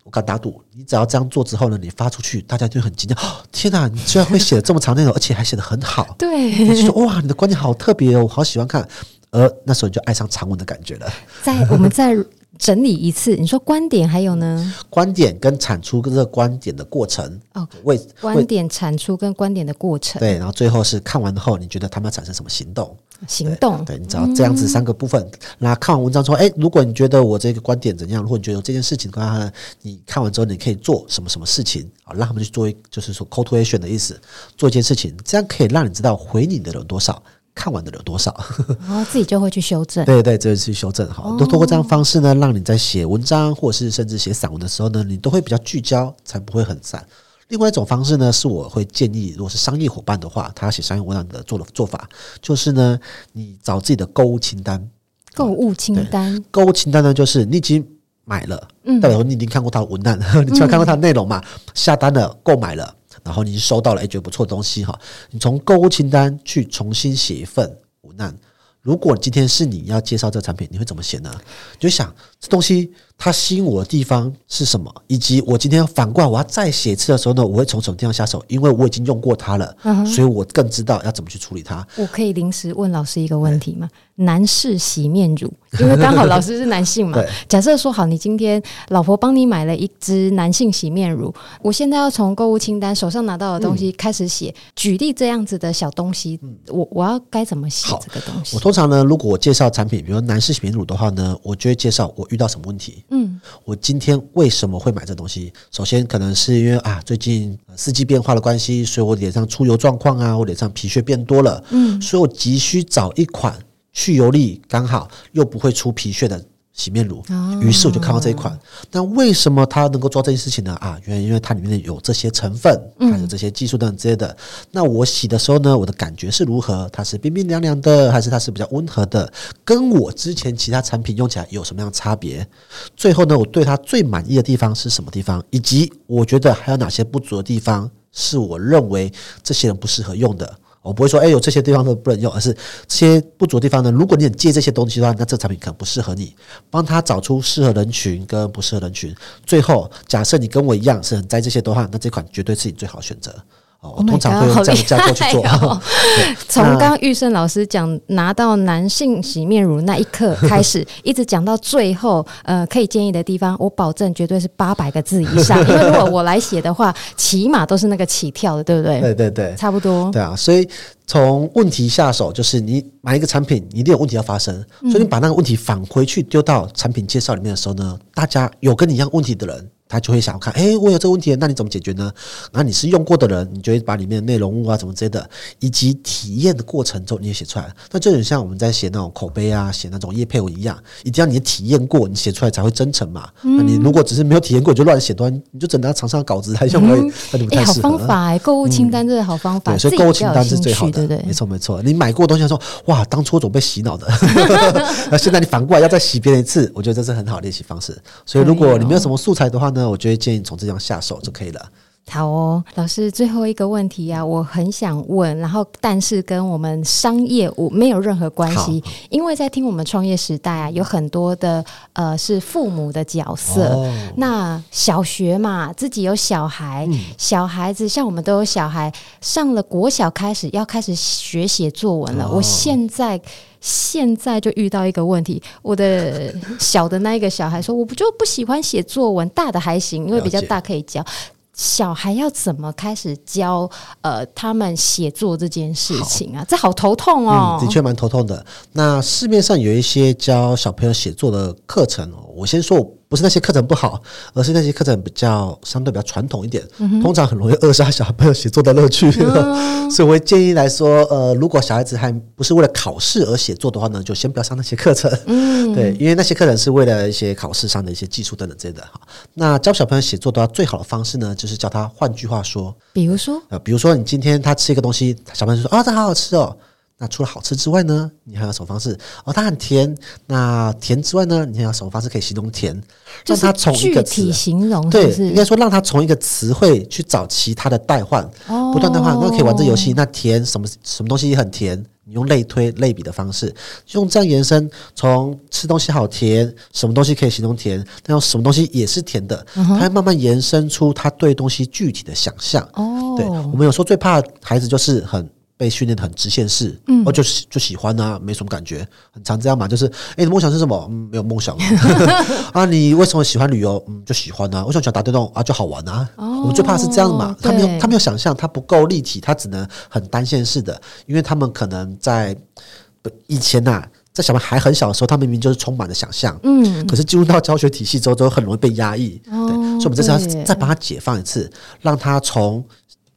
我敢打賭，你只要這樣做之後呢，你發出去，大家就很驚訝、哦。天哪、啊，你居然會寫這麼長內容， 而且還寫得很好。對，你就說哇，你的觀點好特別哦，我好喜歡看。而那時候你就愛上長文的感覺了。再，我們再整理一次。你說觀點還有呢？ 觀點跟產出跟這個觀點的過程哦，為位觀點產位出跟觀點的過程。對，然後最後是看完後，你覺得他們要產生什麼行動？行動，對，對你只要這樣子三個部分。那、嗯、看完文章之後，誒、欸，如果你覺得我這個觀點怎樣，如果你覺得這件事情的話，你看完之後你可以做什麼什麼事情啊？讓他們去做一，就是說 call to action 的意思，做一件事情，這樣可以讓你知道回你的有多少，看完的有多少，然 後、哦、自己就會去修正。對，對對，就是去修正好，都通過這樣方式呢，讓你在寫文章或者是甚至寫散文的時候呢，你都會比較聚焦，才不會很散。另外一種方式呢，是我會建議，如果是商業夥伴的話，他要寫商業文案的做的做法，就是呢，你找自己的購物清單，購物清單，購、哦、物，物清單呢，就是你已經買了，嗯，代表你已經看過他的文案，嗯、你只要看過他的內容嘛，下單了，購買了，然後你已經收到了，欸，覺得不錯的東西哈、哦，你從購物清單去重新寫一份文案。如果今天是你要介紹這個產品，你會怎麼寫呢？你就想。這東西它吸引我的地方是什麼？以及我今天要反過來，我要再寫字的時候呢，我會從什麼地方下手？因為我已經用過它了，uh huh. 所以我更知道要怎麼去處理它。我可以臨時問老師一個問題嗎？對男士洗面乳，因為剛好老師是男性嘛。 對假設說好，你今天老婆幫你買了一支男性洗面乳，我現在要從購物清單手上拿到的東西開始寫，嗯、舉例這樣子的小東西，嗯、我我要該怎麼寫這個東西？我通常呢，如果我介紹產品，比如男士洗面乳的話呢，我就會介紹我，遇到什麼問題？嗯，我今天為什麼會買這東西？首先，可能是因為啊，最近四季變化的關係，所以我臉上出油狀況啊，我臉上皮屑變多了，嗯，所以我急需找一款去油力剛好又不會出皮屑的。洗面乳，於是我就看到這一款。哦、那為什麼它能夠做到這件事情呢？啊，原因因為它裡面有這些成分，還有這些技術等等之類的。嗯、那我洗的時候呢，我的感覺是如何？它是冰冰涼涼的，還是它是比較溫和的？跟我之前其他產品用起來有什麼樣差別？最後呢，我對它最滿意的地方是什麼地方？以及我覺得還有哪些不足的地方，是我認為這些人不適合用的。我不會說，哎、欸，有這些地方都不能用，而是這些不足的地方呢，如果你很介意這些東西的話，那這個產品可能不適合你。幫他找出適合人群跟不適合人群。最後，假設你跟我一樣是很在意這些的話，那這款絕對是你最好的選擇。Oh my God, 通常會有講架構去做、哦。從剛育聖老師講拿到男性洗面乳那一刻開始， 一直講到最後，呃，可以建議的地方，我保證絕對是八百個字以上。 因為如果我來寫的話，起碼都是那個起跳的，對不對？對對對，差不多。對啊，所以從問題下手，就是你買一個產品，一定有問題要發生。所以你把那個問題返回去丟到產品介紹裡面的時候呢，大家有跟你一樣問題的人。他就會想要看，哎、欸，我有這個問題，那你怎麼解決呢？那你是用過的人，你就會把裡面的內容物啊，什麼之類的，以及體驗的過程中，你也寫出來。那這就很像我們在寫那種口碑啊，寫那種業配文一樣，一定要你體驗過，你寫出來才會真誠嘛。嗯、那你如果只是沒有體驗過，你就亂寫，端你就整張廠商的稿子還像會、嗯、那你不太適合、啊欸。好方法、欸，購物清單這是好方法，嗯、對，所以購物清單是最好的，對對？沒錯，沒錯。你買過東西，的時候，哇，當初總被洗腦的，那 現在你反過來要再洗別人一次，我覺得這是很好的練習方式。所以如果你沒有什麼素材的話。那我覺得建議從這樣下手就可以了。好哦，老師，最後一個問題啊，我很想問，然後但是跟我們商業我沒有任何關係，因為在聽我們創業時代啊，有很多的呃是父母的角色。那小學嘛，自己有小孩，小孩子像我們都有小孩，上了國小開始要開始學寫作文了。我現在。現在就遇到一個問題，我的小的那一個小孩說，我不就不喜歡寫作文。大的還行，因為比較大可以教。了解。小孩要怎麼開始教呃他們寫作這件事情啊？好這好頭痛哦，嗯，的確蠻頭痛的。那市面上有一些教小朋友寫作的課程哦，我先說。不是那些課程不好，而是那些課程比較相對比較傳統一點，嗯、哼通常很容易扼殺小朋友寫作的樂趣。嗯、哼 所以，我會建議來說，呃，如果小孩子還不是為了考試而寫作的話呢，就先不要上那些課程。嗯、對，因為那些課程是為了一些考試上的一些技術等等之類的哈。那教小朋友寫作的話，最好的方式呢，就是教他。換句話說，比如說，呃，比如說你今天他吃一個東西，小朋友就說，啊，這好好吃哦。那除了好吃之外呢？你還有什麼方式？哦，它很甜。那甜之外呢？你還有什麼方式可以形容甜？讓它從具體形容是是，對，應該說讓它從一個詞彙去找其他的代換，哦、不斷代換。那可以玩這遊戲。那甜，什麼什麼東西也很甜？你用類推類比的方式，用這樣延伸，從吃東西好甜，什麼東西可以形容甜？那用什麼東西也是甜的？嗯、哼它會慢慢延伸出他對東西具體的想象哦，對，我們有時候最怕的孩子就是很被訓練很直線式，嗯、哦就，就喜就喜歡吶、啊，沒什麼感覺，很常這樣嘛，就是，誒、欸，你的夢想是什麼？嗯，沒有夢想啊。 啊，你為什麼喜歡旅遊？嗯，就喜歡啊。為什麼喜歡打電動啊？就好玩啊。哦、我們最怕是這樣嘛對他，他沒有他沒有想象，他不夠立體，他只能很單線式的，因為他們可能在以前吶、啊，在小孩還很小的時候，他明明就是充滿了想象，嗯，可是進入到教學體系之後，就很容易被壓抑，哦、對，所以我們這次要再把他解放一次，對讓他從。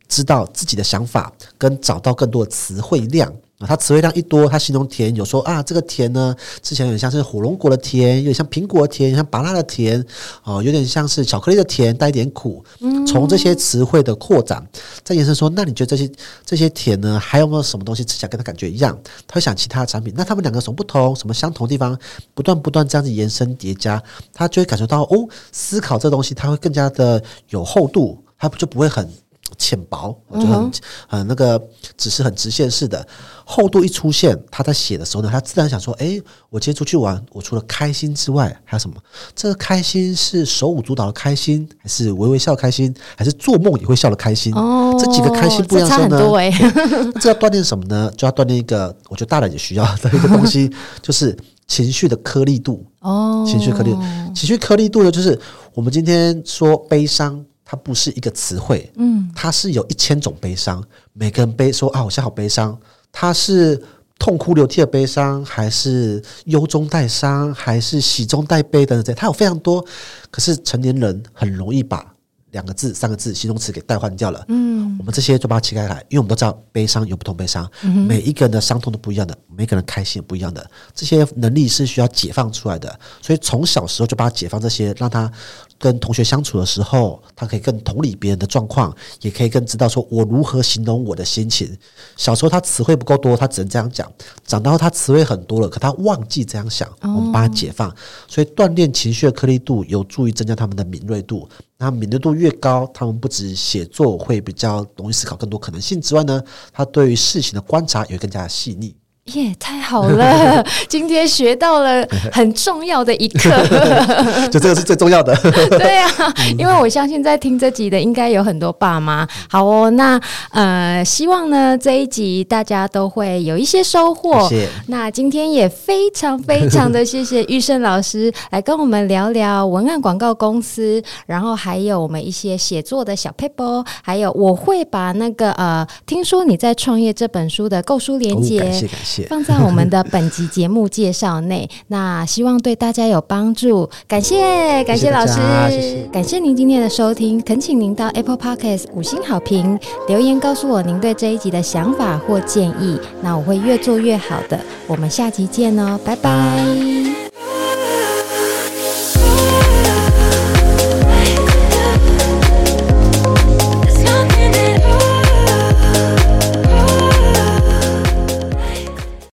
知道自己的想法，跟找到更多的詞彙量啊，他詞彙量一多，他形容甜有說啊，這個甜呢，吃起來有點像是火龍果的甜，有點像蘋果的甜，有點像芭樂的甜，哦、呃，有點像是巧克力的甜，帶一點苦。從這些詞彙的擴展、嗯、再延伸說，那你覺得這些這些甜呢，還有沒有什麼東西吃起來跟他感覺一樣？他會想其他的產品，那他們兩個什麼不同，什麼相同地方？不斷不斷這樣子延伸疊加，他就會感覺到哦，思考這東西，他會更加的有厚度，它就不會很。淺薄，我覺得很、嗯哼呃、那個只是很直線式的厚度。一出現，他在寫的時候呢，他自然想說：“哎、欸，我今天出去玩，我除了開心之外，還有什麼？這個開心是手舞足蹈的開心，還是微微笑的開心，還是做夢也會笑的開心？哦，這幾個開心不一樣的這、欸、這要鍛鍊什麼呢？就要鍛鍊一個，我覺得大人也需要的一個東西，呵呵就是情緒的顆粒度。哦，情緒顆粒度，情緒顆粒度呢，就是我們今天說悲傷。它不是一個詞彙，嗯，它是有一千種悲傷，嗯、每個人悲說啊，我現在好悲傷，它是痛哭流涕的悲傷，還是憂中帶傷，還是喜中帶悲等等，它有非常多。可是成年人很容易把兩個字、三個字形容詞給代換掉了，嗯，我們這些就把它切開來，因為我們都知道悲傷有不同悲傷，嗯、哼每一個人的傷痛都不一樣的，每個人開心也不一樣的，這些能力是需要解放出來的，所以從小時候就把它解放，這些讓他。跟同學相處的時候，他可以更同理別人的狀況，也可以更知道說我如何形容我的心情。小時候他詞彙不夠多，他只能這樣講，長大後他詞彙很多了，可他忘記這樣想。我們幫他解放，哦、所以鍛鍊情緒的顆粒度，有助於增加他們的敏銳度。那敏銳度越高，他們不止寫作會比較容易思考更多可能性之外呢，他對於事情的觀察也會更加細膩。耶，yeah, 太好了！ 今天學到了很重要的一課。 就這個是最重要的。 對啊，因為我相信在聽這集的應該有很多爸媽。好哦，那呃，希望呢這一集大家都會有一些收穫。是，謝謝，那今天也非常非常的謝謝育聖老師來跟我們聊聊文案廣告公司，然後還有我們一些寫作的小撇步，還有我會把那個呃，聽說你在創業這本書的購書鏈接。哦，感謝感謝放在我們的本集節目介紹內， 那希望對大家有幫助。感謝感謝老師，謝謝謝謝感謝您今天的收聽，懇請您到 Apple Podcast 五星好評，留言告訴我您對這一集的想法或建議。那我會越做越好的，我們下集見哦，拜拜。